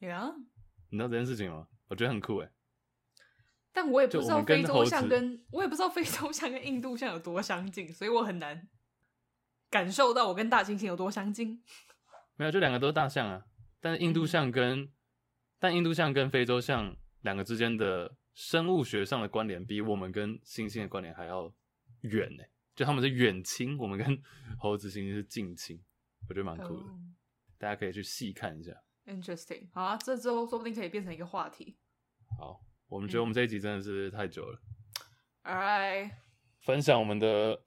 Speaker 2: 欸。有啊？你
Speaker 1: 知道這件事情嗎？我覺得很酷哎、欸。
Speaker 2: 但我也不知道非洲象跟我也不知道非洲象跟印度象有多相近，所以我很難感受到我跟大猩猩有多相近。
Speaker 1: 沒有，就兩個都是大象啊。但是印度象跟、嗯。但印度象跟非洲象兩個之間的生物學上的關聯，比我們跟猩猩的關聯還要遠呢、欸。就他們是遠親，我們跟猴子猩猩是近親，我覺得蠻酷的、嗯。大家可以去細看一下
Speaker 2: ，interesting。好、啊，這之後說不定可以變成一個話題。
Speaker 1: 好，我們覺得我們這一集真的是太久了。All、嗯、
Speaker 2: right，
Speaker 1: 分享我們的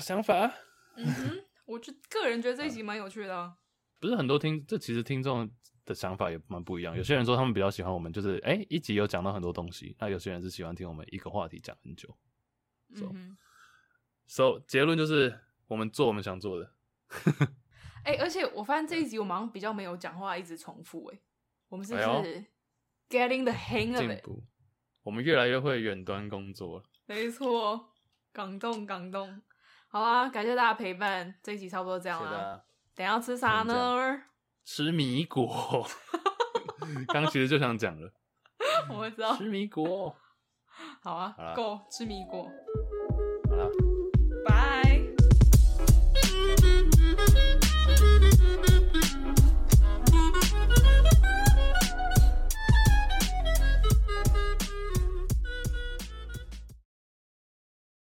Speaker 1: 想法。 嗯，
Speaker 2: 哼我就個人覺得這一集蠻有趣的。
Speaker 1: 不是很多聽，這其實聽眾。的想法也蠻不一樣。有些人說他們比較喜歡我們，就是哎、欸，一集有講到很多東西。那有些人是喜歡聽我們一個話題講很久。嗯。所、so, 以、so, 結論就是，我們做我們想做的 、
Speaker 2: 欸。而且我發現這一集我們好像比較沒有講話，一直重複、欸。哎，我們是不是、哎、getting the hang of it？進
Speaker 1: 步。我們越來越會遠端工作。
Speaker 2: 沒錯，感動感動。好啊，感謝大家陪伴。這一集差不多這樣了，等一下吃啥呢？
Speaker 1: 吃米果，剛剛其實就想講了。
Speaker 2: 我會知道吃米果，好啊，Go，吃米果。